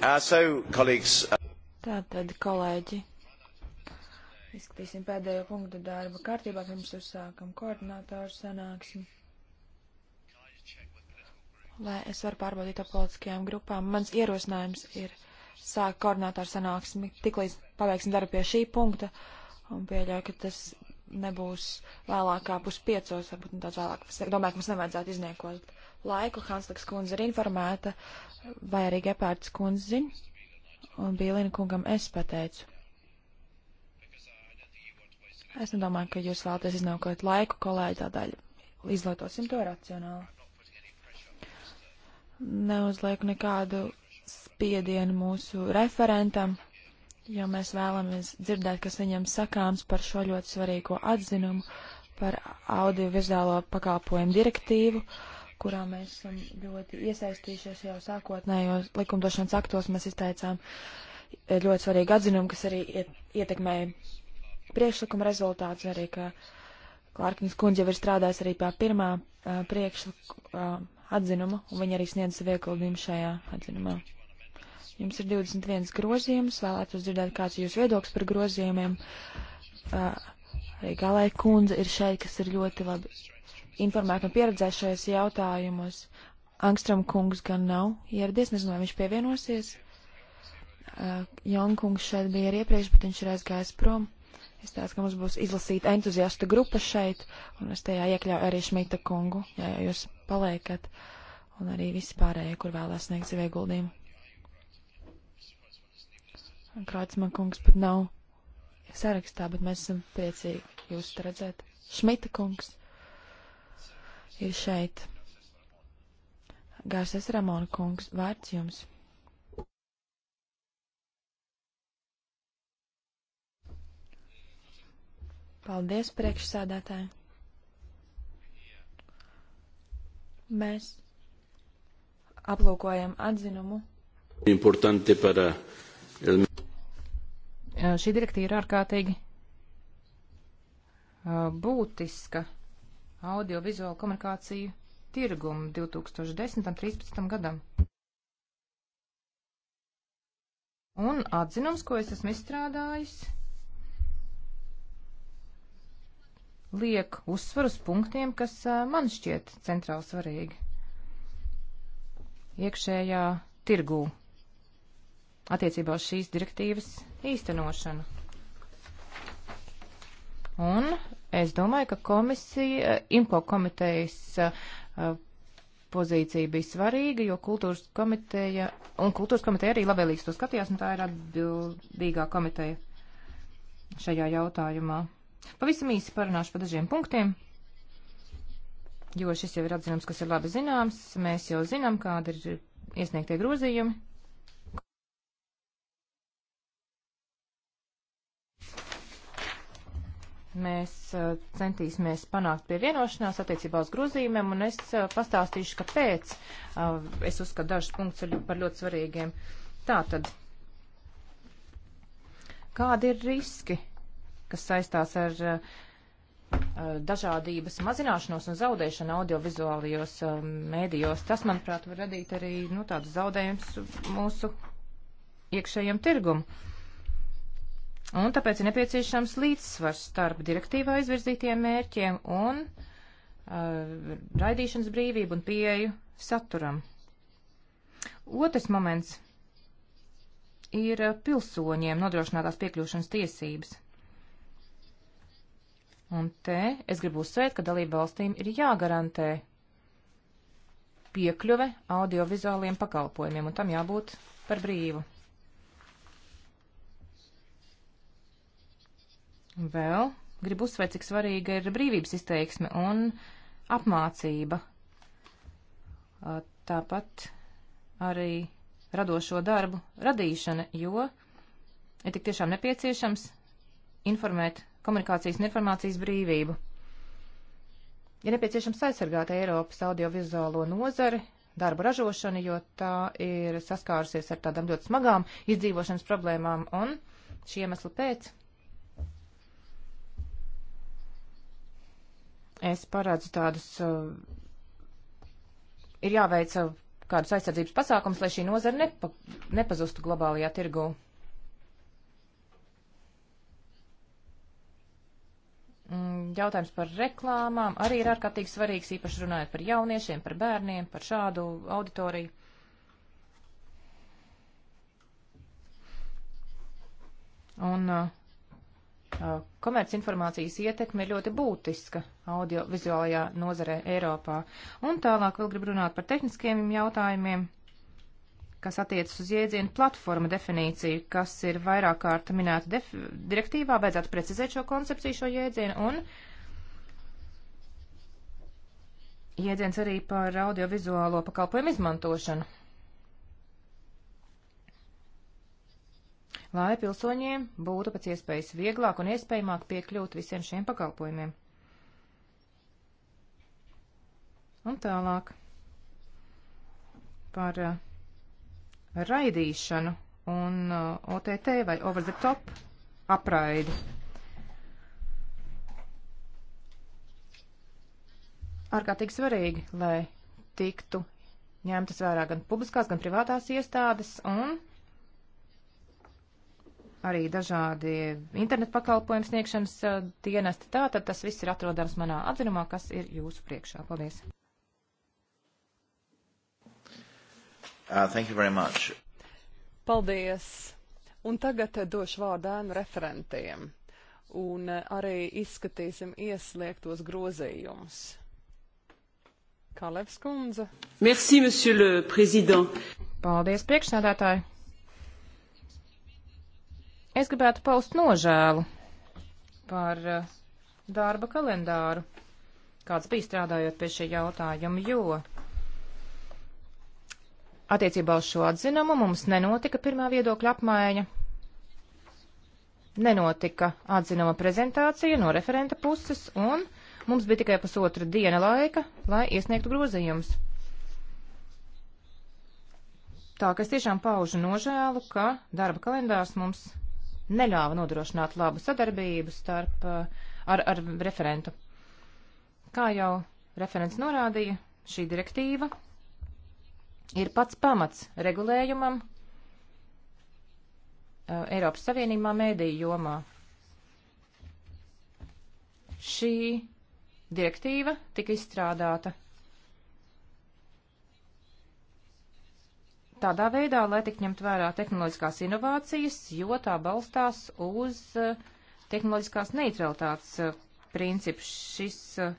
Uh, uh, Tātad, kolēģi, izskatīsim pēdējo punktu darba kārtībā, pirms uzsākam koordinātāru sanāksmi. Lai es varu pārbaudīt ar politiskajām grupām, mans ierosinājums ir sākt koordinātāru sanāksmi, tiklīdz paveiksim darbu pie šī punkta, un pieļauju, ka tas nebūs vēlāk kā puspiecos, varbūt nedaudz vēlāk. Es domāju, ka mums nevajadzētu izniekot laiku Hanslīks kundze ir informēta, vai arī Gepārds kundze zina, un Bīlina kungam es pateicu. Es nedomāju, ka jūs vēlaties iznaukot laiku, kolēģi, tādēļ izlietosim to racionāli. Neuzlieku nekādu spiedienu mūsu referentam, jo mēs vēlamies dzirdēt, kas viņam sakāms par šo ļoti svarīgo atzinumu par audiovizuālo pakalpojumu direktīvu. Uh, kurā mēs esam ļoti iesaistījušies jau sākotnējos likumdošanas aktos, mēs izteicām e, ļoti svarīgu atzinumu, kas arī ietekmēja priekšlikuma rezultātus, arī ka Klārkins kundze jau ir strādājis arī pie pirmā e, priekšlikuma e, atzinuma, un viņa arī sniedz savu ieguldījumu šajā atzinumā. Jums ir 21 grozījums, vēlētos dzirdēt, kāds ir jūsu viedoklis par grozījumiem. Uh, arī Galai kundze ir šeit, kas ir ļoti labi informēti un pieredzējuši šajos jautājumos. Angstram kungs gan nav ieradies, nezinu, vai viņš pievienosies. Uh, Jonkungs šeit bija arī iepriekš, bet viņš ir aizgājis prom. Es teicu, ka mums būs izlasīta entuziasta grupa šeit, un es tajā iekļauju arī Šmita kungu, ja jūs paliekat, un arī visi pārējie, kur vēlās sniegt savu ieguldījumu. Krautsman kungs pat nav sarakstā, bet mēs esam priecīgi jūs redzēt. Šmita kungs ir šeit. Gārses Ramona kungs, vārds jums. Paldies, priekšsādātāji. Mēs aplūkojam atzinumu. Importante para el... Šī direktīva ir ārkārtīgi būtiska audiovizuālu komunikāciju tirgumu 2010. un 2013. gadam. Un atzinums, ko es esmu izstrādājis, liek uzsvarus punktiem, kas man šķiet centrāli svarīgi. Iekšējā tirgū attiecībā uz šīs direktīvas īstenošanu. Un Es domāju, ka komisija, eh, IMCO komitejas eh, pozīcija bija svarīga, jo kultūras komiteja, un kultūras komiteja arī labvēlīgs to skatījās, un tā ir atbildīgā komiteja šajā jautājumā. Pavisam īsi parunāšu par dažiem punktiem, jo šis jau ir atzinums, kas ir labi zināms. Mēs jau zinām, kāda ir iesniegtie grozījumi. Mēs eh, centīsimies panākt pie vienošanās attiecībā uz grozījumiem, un es eh, pastāstīšu, kāpēc eh, es uzskatu dažus punktus par ļoti svarīgiem. Tātad, kādi ir riski, kas saistās ar dažādības mazināšanos un zaudēšanu audiovizuālajos mēdījos. Tas, manuprāt, var radīt arī nu, tādus zaudējumus mūsu iekšējiem tirgumam. Un tāpēc ir nepieciešams līdzsvars starp direktīvā izvirzītiem mērķiem un uh, raidīšanas brīvību un pieeju saturam. Otrs moments ir uh, pilsoņiem nodrošinātās piekļūšanas tiesības. Un te es gribu uzsvērt, ka dalību valstīm ir jāgarantē piekļuve audiovizuāliem pakalpojumiem, un tam jābūt par brīvu. Vēl gribu uzsvērt, cik svarīga ir brīvības izteiksme un apmācība. Tāpat arī radošo darbu radīšana, jo ir tik tiešām nepieciešams informēt komunikācijas un informācijas brīvību. Ir nepieciešams aizsargāt Eiropas audiovizuālo nozari, darba ražošanu, jo tā ir saskārusies ar tādām ļoti smagām izdzīvošanas problēmām, un šī iemesla pēc Es paredzu tādus, uh, ir jāveic uh, kādus aizsardzības pasākums, lai šī nozara nepa, nepazustu globālajā tirgū. Mm, jautājums par reklāmām arī ir ārkārtīgi svarīgs, īpaši runājot par jauniešiem, par bērniem, par šādu auditoriju. Un uh, Uh, komercinformācijas ietekme ir ļoti būtiska audiovizuālajā nozarē Eiropā. Un tālāk vēl gribu runāt par tehniskiem jautājumiem, kas attiecas uz jēdzienu platforma definīciju, kas ir vairāk kārt minēta direktīvā, vajadzētu precizēt šo koncepciju, šo jēdzienu, un jēdziens arī par audiovizuālo pakalpojumu izmantošanu. lai pilsoņiem būtu pēc iespējas vieglāk un iespējamāk piekļūt visiem šiem pakalpojumiem. Un tālāk par uh, raidīšanu un uh, OTT vai over the top apraidi. Ārkārtīgi svarīgi, lai tiktu ņemtas vērā gan publiskās, gan privātās iestādes, un arī dažādi internetu pakalpojumu sniegšanas uh, dienesti. Tātad tas viss ir atrodams manā atzinumā, kas ir jūsu priekšā. Paldies! Uh, thank you very much. Paldies! Un tagad došu vārdēnu referentiem un uh, arī izskatīsim iesliegtos grozījumus. Kalevs kundze. Merci, monsieur le président. Paldies, priekšsēdētāji! Es gribētu paust nožēlu par eh, darba kalendāru, kāds bija strādājot pie šī jautājuma, jo attiecībā uz šo atzinumu mums nenotika pirmā viedokļa apmaiņa. Nenotika atzinuma prezentācija no referenta puses, un mums bija tikai pusotra diena laika, lai iesniegtu grozījumus. Tā ka es tiešām paužu nožēlu, ka darba kalendārs mums neļāva nodrošināt labu sadarbību starp eh, ar, ar referentu. Kā jau referents norādīja, šī direktīva ir pats pamats regulējumam eh, Eiropas Savienībā mēdīju jomā. Šī direktīva tika izstrādāta tādā veidā, lai tik ņemt vērā tehnoloģiskās inovācijas, jo tā balstās uz eh, tehnoloģiskās neutralitātes eh, principu. Šis eh,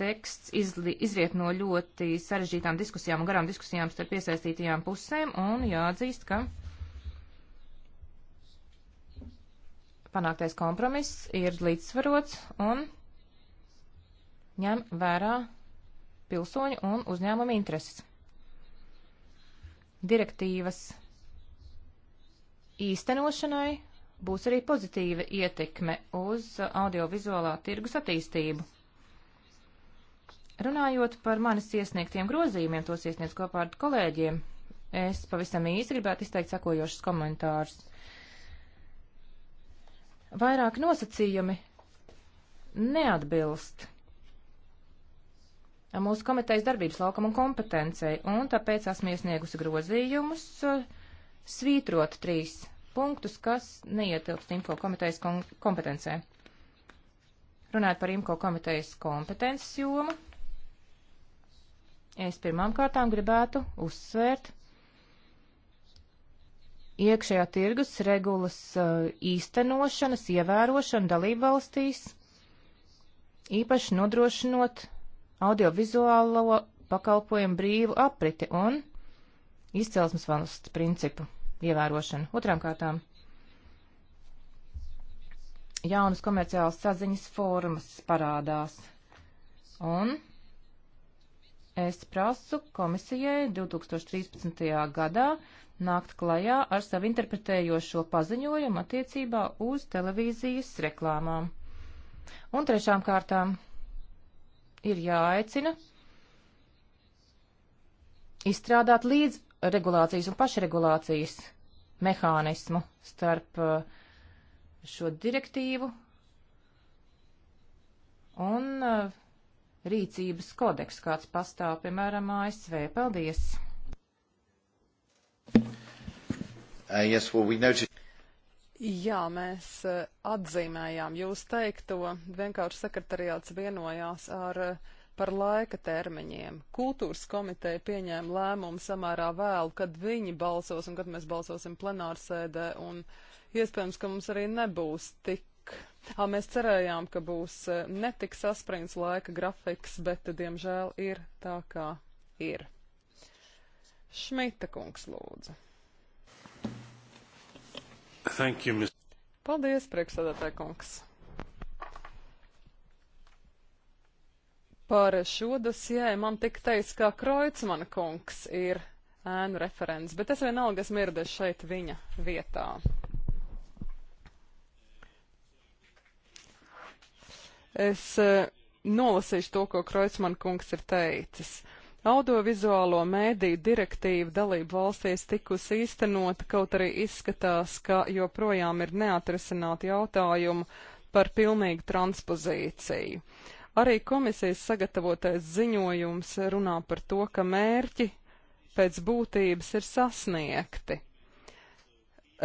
teksts izli, izriet no ļoti sarežģītām diskusijām un garām diskusijām starp iesaistītajām pusēm, un jāatzīst, ka panāktais kompromiss ir līdzsvarots un ņem vērā pilsoņu un uzņēmumu intereses direktīvas īstenošanai būs arī pozitīva ietekme uz audiovizuālā tirgus attīstību. Runājot par manis iesniegtiem grozījumiem, tos iesniedz kopā ar kolēģiem, es pavisam īsi gribētu izteikt sakojošus komentārus. Vairāk nosacījumi neatbilst mūsu komitejas darbības laukam un kompetencei, un tāpēc esmu iesniegusi grozījumus eh, svītrot trīs punktus, kas neietilpst IMCO komitejas kom kompetencē. Runājot par IMCO komitejas kompetences jomu, es pirmām kārtām gribētu uzsvērt iekšējā tirgus regulas uh, īstenošanas ievērošanu dalībvalstīs, īpaši nodrošinot audiovizuālo pakalpojumu brīvu apriti un izcelsmes valsts principu ievērošanu. Otrām kārtām jaunas komerciālas saziņas formas parādās. Un es prasu komisijai 2013. gadā nākt klajā ar savu interpretējošo paziņojumu attiecībā uz televīzijas reklāmām. Un trešām kārtām ir jāaicina izstrādāt līdz regulācijas un pašregulācijas mehānismu starp uh, šo direktīvu un uh, rīcības kodeks, kāds pastāv, piemēram, ASV. Paldies! Uh, yes, well, we noticed... Jā, mēs e, atzīmējām jūs teikto, vienkārši sekretariāts vienojās ar e, par laika termiņiem. Kultūras komiteja pieņēma lēmumu samērā vēlu, kad viņi balsos un kad mēs balsosim plenārsēdē, un iespējams, ka mums arī nebūs tik. Ā, mēs cerējām, ka būs e, netik saspringts laika grafiks, bet, diemžēl, ir tā, kā ir. Šmita kungs lūdzu. Thank you, Ms. Paldies, priekšsēdētāji kungs. Par šo dosjē man tik teica, ka Kreutzmana kungs ir ēnu referents, bet es vienalga esmu ieradies šeit viņa vietā. Es eh, nolasīšu to, ko Kreutzmana kungs ir teicis. Audiovizuālo mēdīju direktīva dalību valstīs tikusi īstenota, kaut arī izskatās, ka joprojām ir neatrisināti jautājumi par pilnīgu transpozīciju. Arī komisijas sagatavotais ziņojums runā par to, ka mērķi pēc būtības ir sasniegti.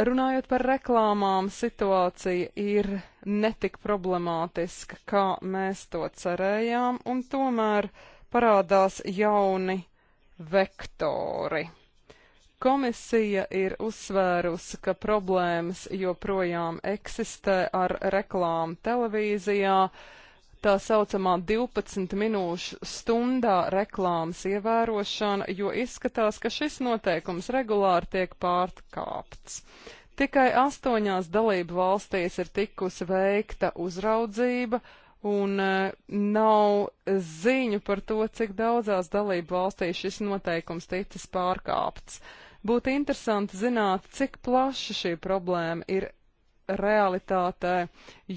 Runājot par reklāmām, situācija ir netik problemātiska, kā mēs to cerējām, un tomēr uh, parādās jauni vektori. Komisija ir uzsvērusi, ka problēmas joprojām eksistē ar reklāmu televīzijā, tā saucamā 12 minūšu stundā reklāmas ievērošana, jo izskatās, ka šis noteikums regulāri tiek pārkāpts. Tikai astoņās dalību valstīs ir tikusi veikta uzraudzība, un eh, nav ziņu par to, cik daudzās dalību valstīs šis noteikums ticis pārkāpts. Būtu interesanti zināt, cik plaša šī problēma ir realitātē,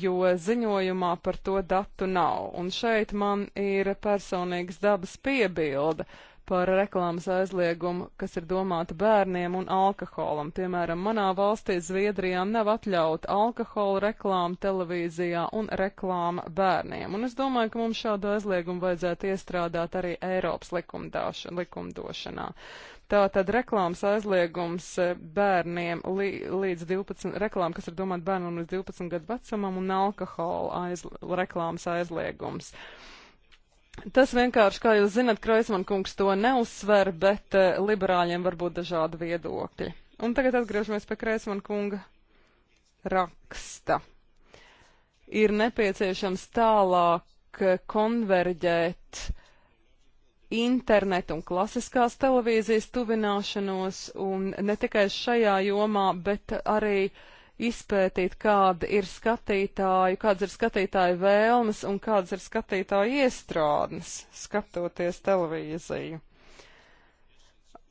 jo ziņojumā par to datu nav. Un šeit man ir personīgas dabas piebilda par reklāmas aizliegumu, kas ir domāta bērniem un alkoholam. Piemēram, manā valstī Zviedrijā nav atļauta alkohola reklāma televīzijā un reklāma bērniem. Un es domāju, ka mums šādu aizliegumu vajadzētu iestrādāt arī Eiropas likumdošanā. Tātad reklāmas aizliegums eh, bērniem li, līdz 12, reklāma, kas ir domāta bērnam līdz 12 gadu vecumam un alkohola aiz, reklāmas aizliegums. Uh, Tas vienkārši, kā jūs zinat, Kreisman kungs to neuzsver, bet eh, liberāļiem var būt dažādi viedokļi. Un tagad atgriežamies pie Kreisman kunga raksta. Ir nepieciešams tālāk eh, konverģēt internetu un klasiskās televīzijas tuvināšanos, un ne tikai šajā jomā, bet arī uh, izpētīt, kāda ir skatītāju, kādas ir skatītāju vēlmes un kādas ir skatītāju iestrādnes, skatoties televīziju.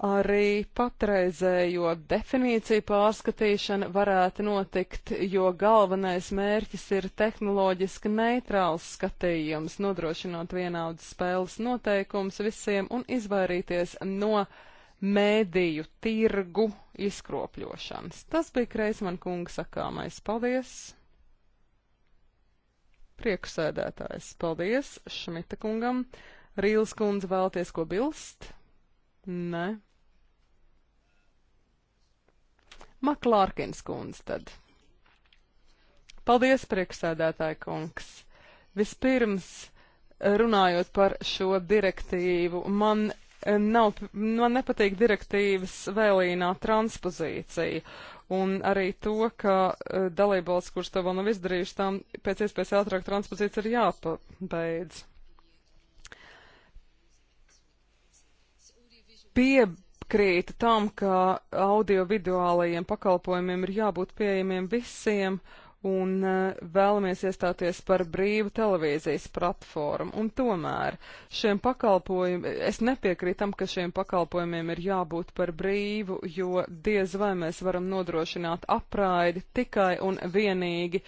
Arī patreizējo definīciju pārskatīšana varētu notikt, jo galvenais mērķis ir tehnoloģiski neitrāls skatījums, nodrošinot vienādas spēles noteikums visiem un izvairīties no mēdīju tirgu izkropļošanas. Tas bija Kreisman kunga sakāmais. Paldies! Priekšsēdētājs, paldies Šmita kungam. Rīls kundze vēlties ko bilst? Nē. Maklārkins kundze tad. Paldies, priekšsēdētāja kungs. Vispirms runājot par šo direktīvu, man nav, man nepatīk direktīvas vēlīnā transpozīcija. Un arī to, ka uh, dalībvalsts, kurš to vēl nav izdarījuši, tam pēc iespējas ātrāk transpozīcija ir jāpabeidz. Piekrītu tam, ka audiovizuālajiem pakalpojumiem ir jābūt pieejamiem visiem. Uh, un eh, vēlamies iestāties par brīvu televīzijas platformu. Un tomēr šiem pakalpojumiem, es nepiekrītam, ka šiem pakalpojumiem ir jābūt par brīvu, jo diez vai mēs varam nodrošināt apraidi tikai un vienīgi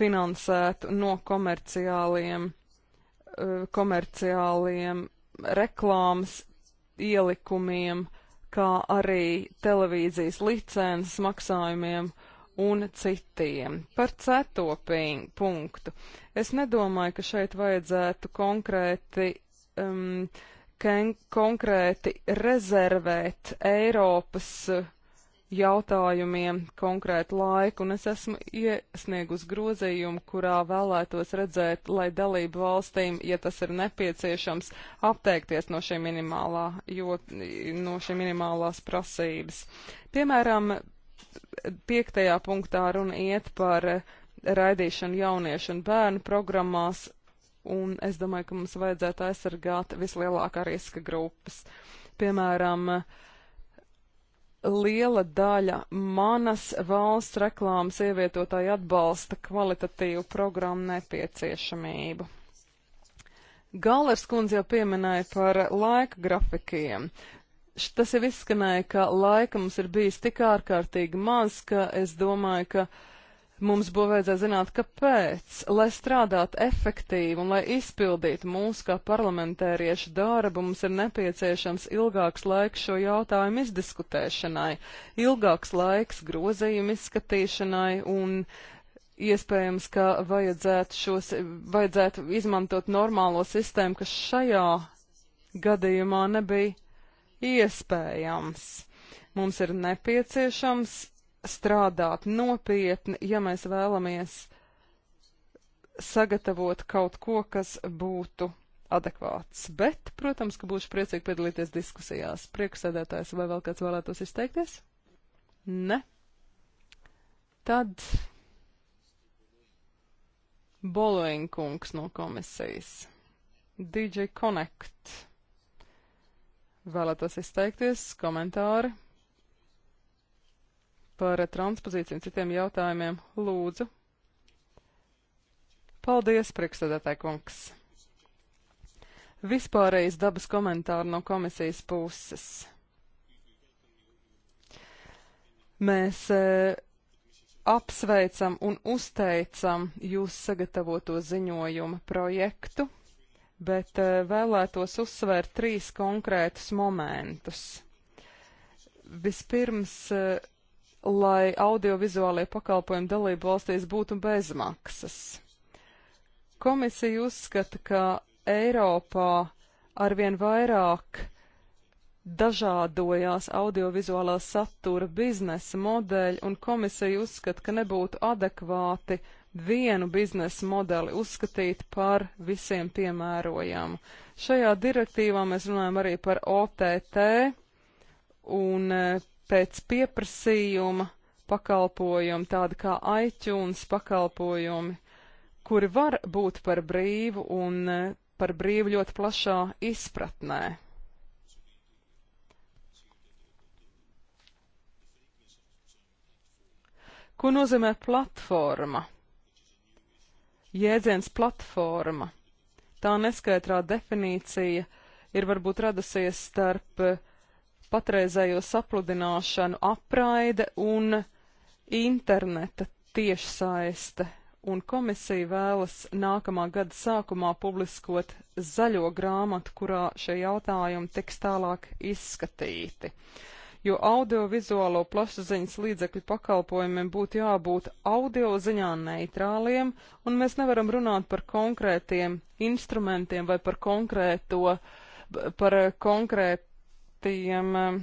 finansētu no komerciāliem, eh, komerciāliem reklāmas ielikumiem, kā arī televīzijas licences maksājumiem. Uh, un citiem. Par ceto punktu. Es nedomāju, ka šeit vajadzētu konkrēti. Um, konkrēti rezervēt Eiropas uh, jautājumiem konkrētu laiku, un es esmu iesniegus grozījumu, kurā vēlētos redzēt, lai dalību valstīm, ja tas ir nepieciešams, atteikties no šī minimālā, jo, no šī minimālās prasības. Piemēram, piektajā punktā runa iet par eh, raidīšanu jauniešu un bērnu programmās, un es domāju, ka mums vajadzētu aizsargāt vislielākā riska grupas. Piemēram, liela daļa manas valsts reklāmas ievietotāji atbalsta kvalitatīvu programmu nepieciešamību. Galers kundze jau pieminēja par laika grafikiem tas jau izskanēja, ka laika mums ir bijis tik ārkārtīgi maz, ka es domāju, ka mums būtu vajadzēja zināt, kāpēc, lai strādātu efektīvi un lai izpildītu mūsu kā parlamentēriešu darbu, mums ir nepieciešams ilgāks laiks šo jautājumu izdiskutēšanai, ilgāks laiks grozījumu izskatīšanai un iespējams, ka vajadzētu, šos, vajadzētu izmantot normālo sistēmu, kas šajā gadījumā nebija iespējams. Mums ir nepieciešams strādāt nopietni, ja mēs vēlamies sagatavot kaut ko, kas būtu adekvāts. Bet, protams, ka būšu priecīgi piedalīties diskusijās. Priekšsēdētājs vai vēl kāds vēlētos izteikties? Ne. Tad Boloinkungs no komisijas. DJ Connect. Vēlētos izteikties, komentāri par transpozīciju un citiem jautājumiem. Lūdzu. Paldies, priekšstādātāji kungs. Vispārējais dabas komentāri no komisijas puses. Mēs e, apsveicam un uzteicam jūs sagatavoto ziņojuma projektu bet eh, vēlētos uzsvērt trīs konkrētus momentus. Vispirms, eh, lai audiovizuālajie pakalpojumi dalību valstīs būtu bezmaksas. Komisija uzskata, ka Eiropā arvien vairāk dažādojās audiovizuālā satura biznesa modeļi, un komisija uzskata, ka nebūtu adekvāti uh, vienu biznesa modeli uzskatīt par visiem piemērojamu. Šajā direktīvā mēs runājam arī par OTT un e, pēc pieprasījuma pakalpojumi, tādi kā iTunes pakalpojumi, kuri var būt par brīvu un e, par brīvu ļoti plašā izpratnē. Ko nozīmē platforma? jēdziens platforma. Tā neskaitrā definīcija ir varbūt radusies starp patreizējo sapludināšanu apraide un interneta tiešsaiste, un komisija vēlas nākamā gada sākumā publiskot zaļo grāmatu, kurā šie jautājumi tiks tālāk izskatīti. Uh, jo audiovizuālo plašsaziņas līdzekļu pakalpojumiem būtu jābūt audio ziņā neitrāliem, un mēs nevaram runāt par konkrētiem instrumentiem vai par konkrēto, par konkrētiem um,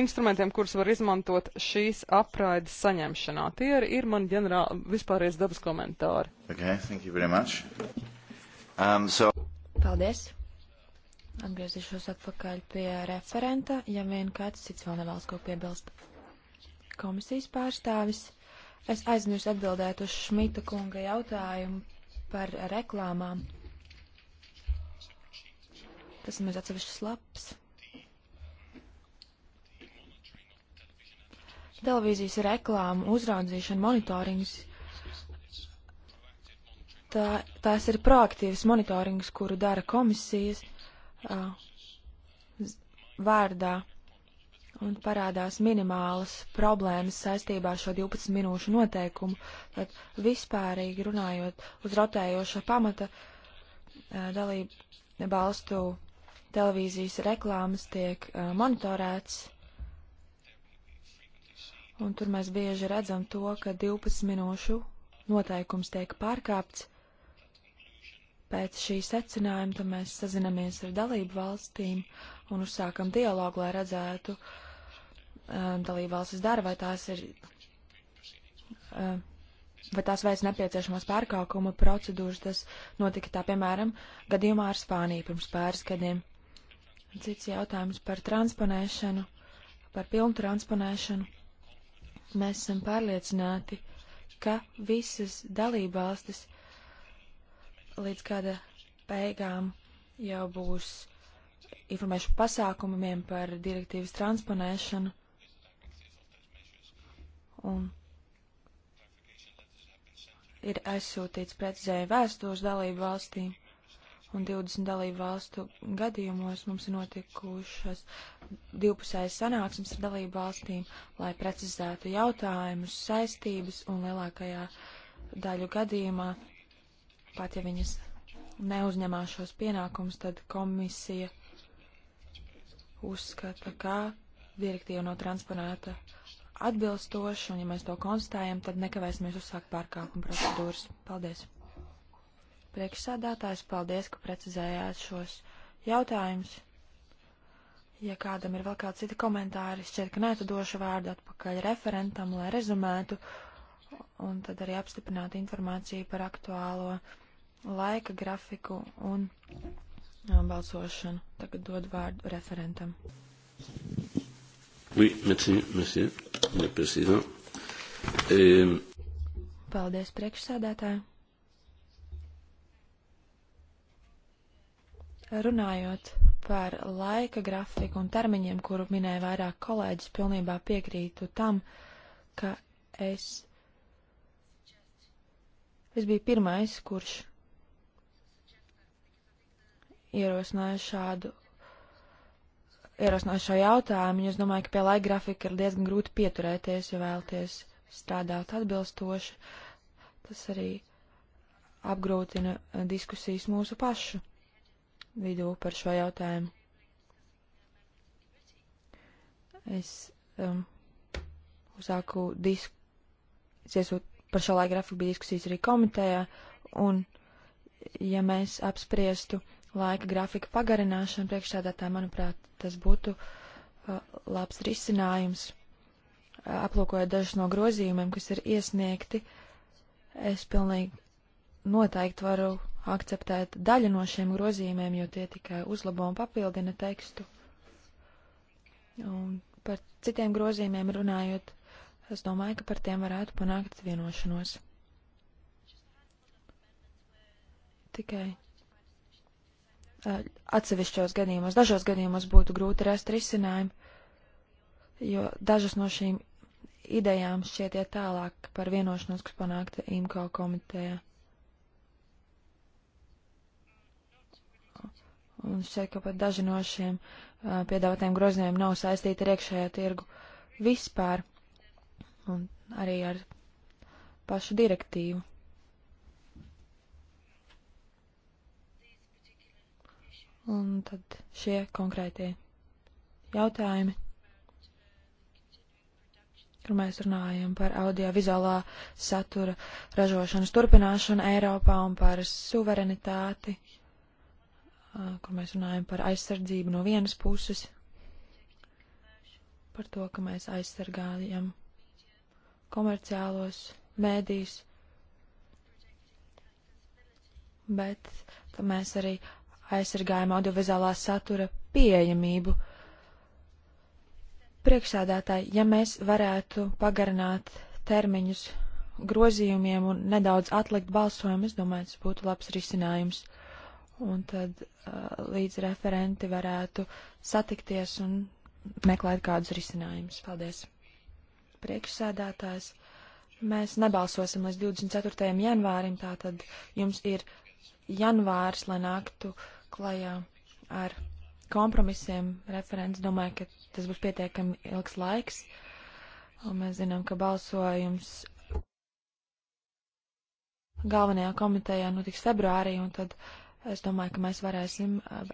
instrumentiem, kurus var izmantot šīs apraides saņemšanā. Tie arī ir mani ģenerāli vispārējais dabas komentāri. Okay, thank you very much. Um, so... Paldies. Atgriezīšos atpakaļ pie referenta, ja vien kāds cits vēl nevēlas ko piebilst. Komisijas pārstāvis. Es aizmirsu atbildēt uz Šmita kunga jautājumu par reklāmām. Tas ir maz atsevišķas labs. Televīzijas reklāmu uzraudzīšana, monitorings. Tā, tās ir proaktīvas monitorings, kuru dara komisijas vārdā un parādās minimālas problēmas saistībā ar šo 12 minūšu noteikumu. Tad vispārīgi runājot uz rotējoša pamata dalību balstu televīzijas reklāmas tiek monitorēts. Un tur mēs bieži redzam to, ka 12 minūšu noteikums tiek pārkāpts. Pēc šī secinājuma tad mēs sazinamies ar dalību valstīm un uzsākam dialogu, lai redzētu um, dalību valstis dara, vai tās ir. Um, Vai tās vairs nepieciešamās pārkāpuma procedūras, tas notika tā, piemēram, gadījumā ar Spāniju pirms pāris gadiem. Cits jautājums par transponēšanu, par pilnu transponēšanu. Mēs esam pārliecināti, ka visas dalībvalstis līdz gada beigām jau būs informēšu pasākumiem par direktīvas transponēšanu. Un ir aizsūtīts precizēja vēstules dalību valstīm, un 20 dalību valstu gadījumos mums ir notikušas divpusējas sanāksmes ar dalību valstīm, lai precizētu jautājumus, saistības, un lielākajā daļu gadījumā pat ja viņas neuzņemās šos pienākumus, tad komisija uzskata, ka direktīva nav no transponēta atbilstoši, un ja mēs to konstatējam, tad nekavēsimies uzsākt pārkāpuma procedūras. Paldies! Priekšsādātājs, paldies, ka precizējāt šos jautājumus. Ja kādam ir vēl kāds citi komentāri, šķiet, ka nē, tad došu vārdu atpakaļ referentam, lai rezumētu, un tad arī apstiprinātu informāciju par aktuālo laika grafiku un balsošanu. Tagad dod vārdu referentam. Oui, merci, merci, le président. Um... Paldies, priekšsēdētāji. Runājot par laika grafiku un termiņiem, kuru minēja vairāk kolēģis, pilnībā piekrītu tam, ka es. Es biju pirmais, kurš ierosināja šādu, ierosināja šo jautājumu, jo es domāju, ka pie laika grafika ir diezgan grūti pieturēties, ja vēlties strādāt atbilstoši. Tas arī apgrūtina eh, diskusijas mūsu pašu vidū par šo jautājumu. Es um, uzsāku diskusijas, par šo laika grafiku bija diskusijas arī komitejā, un ja mēs apspriestu laika grafika pagarināšana priekšstādātāji, manuprāt, tas būtu uh, labs risinājums. Uh, aplūkojot dažus no grozījumiem, kas ir iesniegti, es pilnīgi noteikti varu akceptēt daļu no šiem grozījumiem, jo tie tikai uzlabo un papildina tekstu. Un par citiem grozījumiem runājot, es domāju, ka par tiem varētu panākt vienošanos. Tikai atsevišķos gadījumos, dažos gadījumos būtu grūti rast risinājumu, jo dažas no šīm idejām šķiet iet tālāk par vienošanos, kas panākta IMCO komitejā. Un šķiet, ka pat daži no šiem uh, piedāvātiem grozījumiem nav saistīti ar iekšējā tirgu vispār un arī ar pašu direktīvu. Un tad šie konkrētie jautājumi, kur mēs runājam par audiovizuālā satura ražošanas turpināšanu Eiropā un par suverenitāti, kur mēs runājam par aizsardzību no vienas puses, par to, ka mēs aizsargājam komerciālos mēdīs, bet mēs arī aizsargājam audiovizuālā satura pieejamību. Priekšsādātāji, ja mēs varētu pagarināt termiņus grozījumiem un nedaudz atlikt balsojumu, es domāju, tas būtu labs risinājums. Un tad uh, līdz referenti varētu satikties un meklēt kādus risinājumus. Paldies. Priekšsēdētājs, mēs nebalsosim līdz 24. janvārim, tātad jums ir janvārs, lai nāktu klajā ar kompromisiem referents. Domāju, ka tas būs pietiekami ilgs laiks. Un mēs zinām, ka balsojums galvenajā komitejā notiks februārī, un tad es domāju, ka mēs varēsim eh,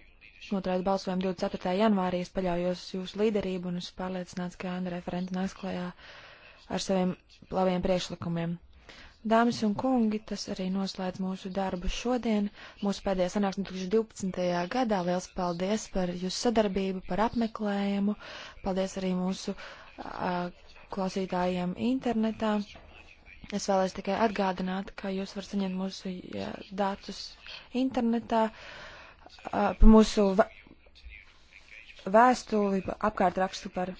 noturēt balsojumu 24. janvārī. Es paļaujos jūsu līderību un esmu pārliecināts, ka Andra referenti nāks klajā ar saviem labiem priekšlikumiem. Dāmas un kungi, tas arī noslēdz mūsu darbu šodien. Mūsu pēdējā sanāksme 2012. gadā. Liels paldies par jūsu sadarbību, par apmeklējumu. Paldies arī mūsu a, klausītājiem internetā. Es vēlēs tikai atgādināt, ka jūs varat saņemt mūsu jā, datus internetā, a, mūsu vēstuli, apkārtrakstu par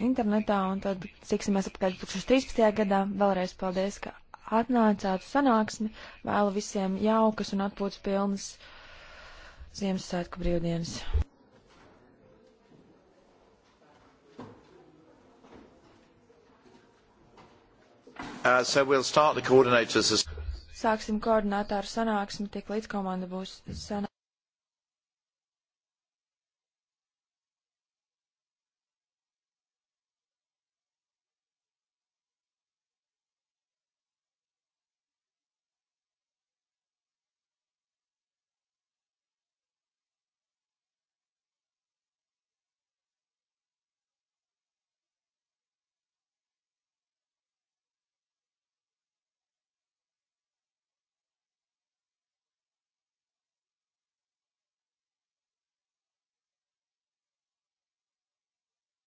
internetā, un tad tiksimies atpakaļ 2013. gadā. Vēlreiz paldies, ka atnācāt sanāksmi. Vēlu visiem jaukas un atpūtas pilnas Ziemassvētku brīvdienas. Uh, so we'll start the coordinators. Sāksim koordinātāru sanāksmi, tik līdz komanda būs sanāksmi.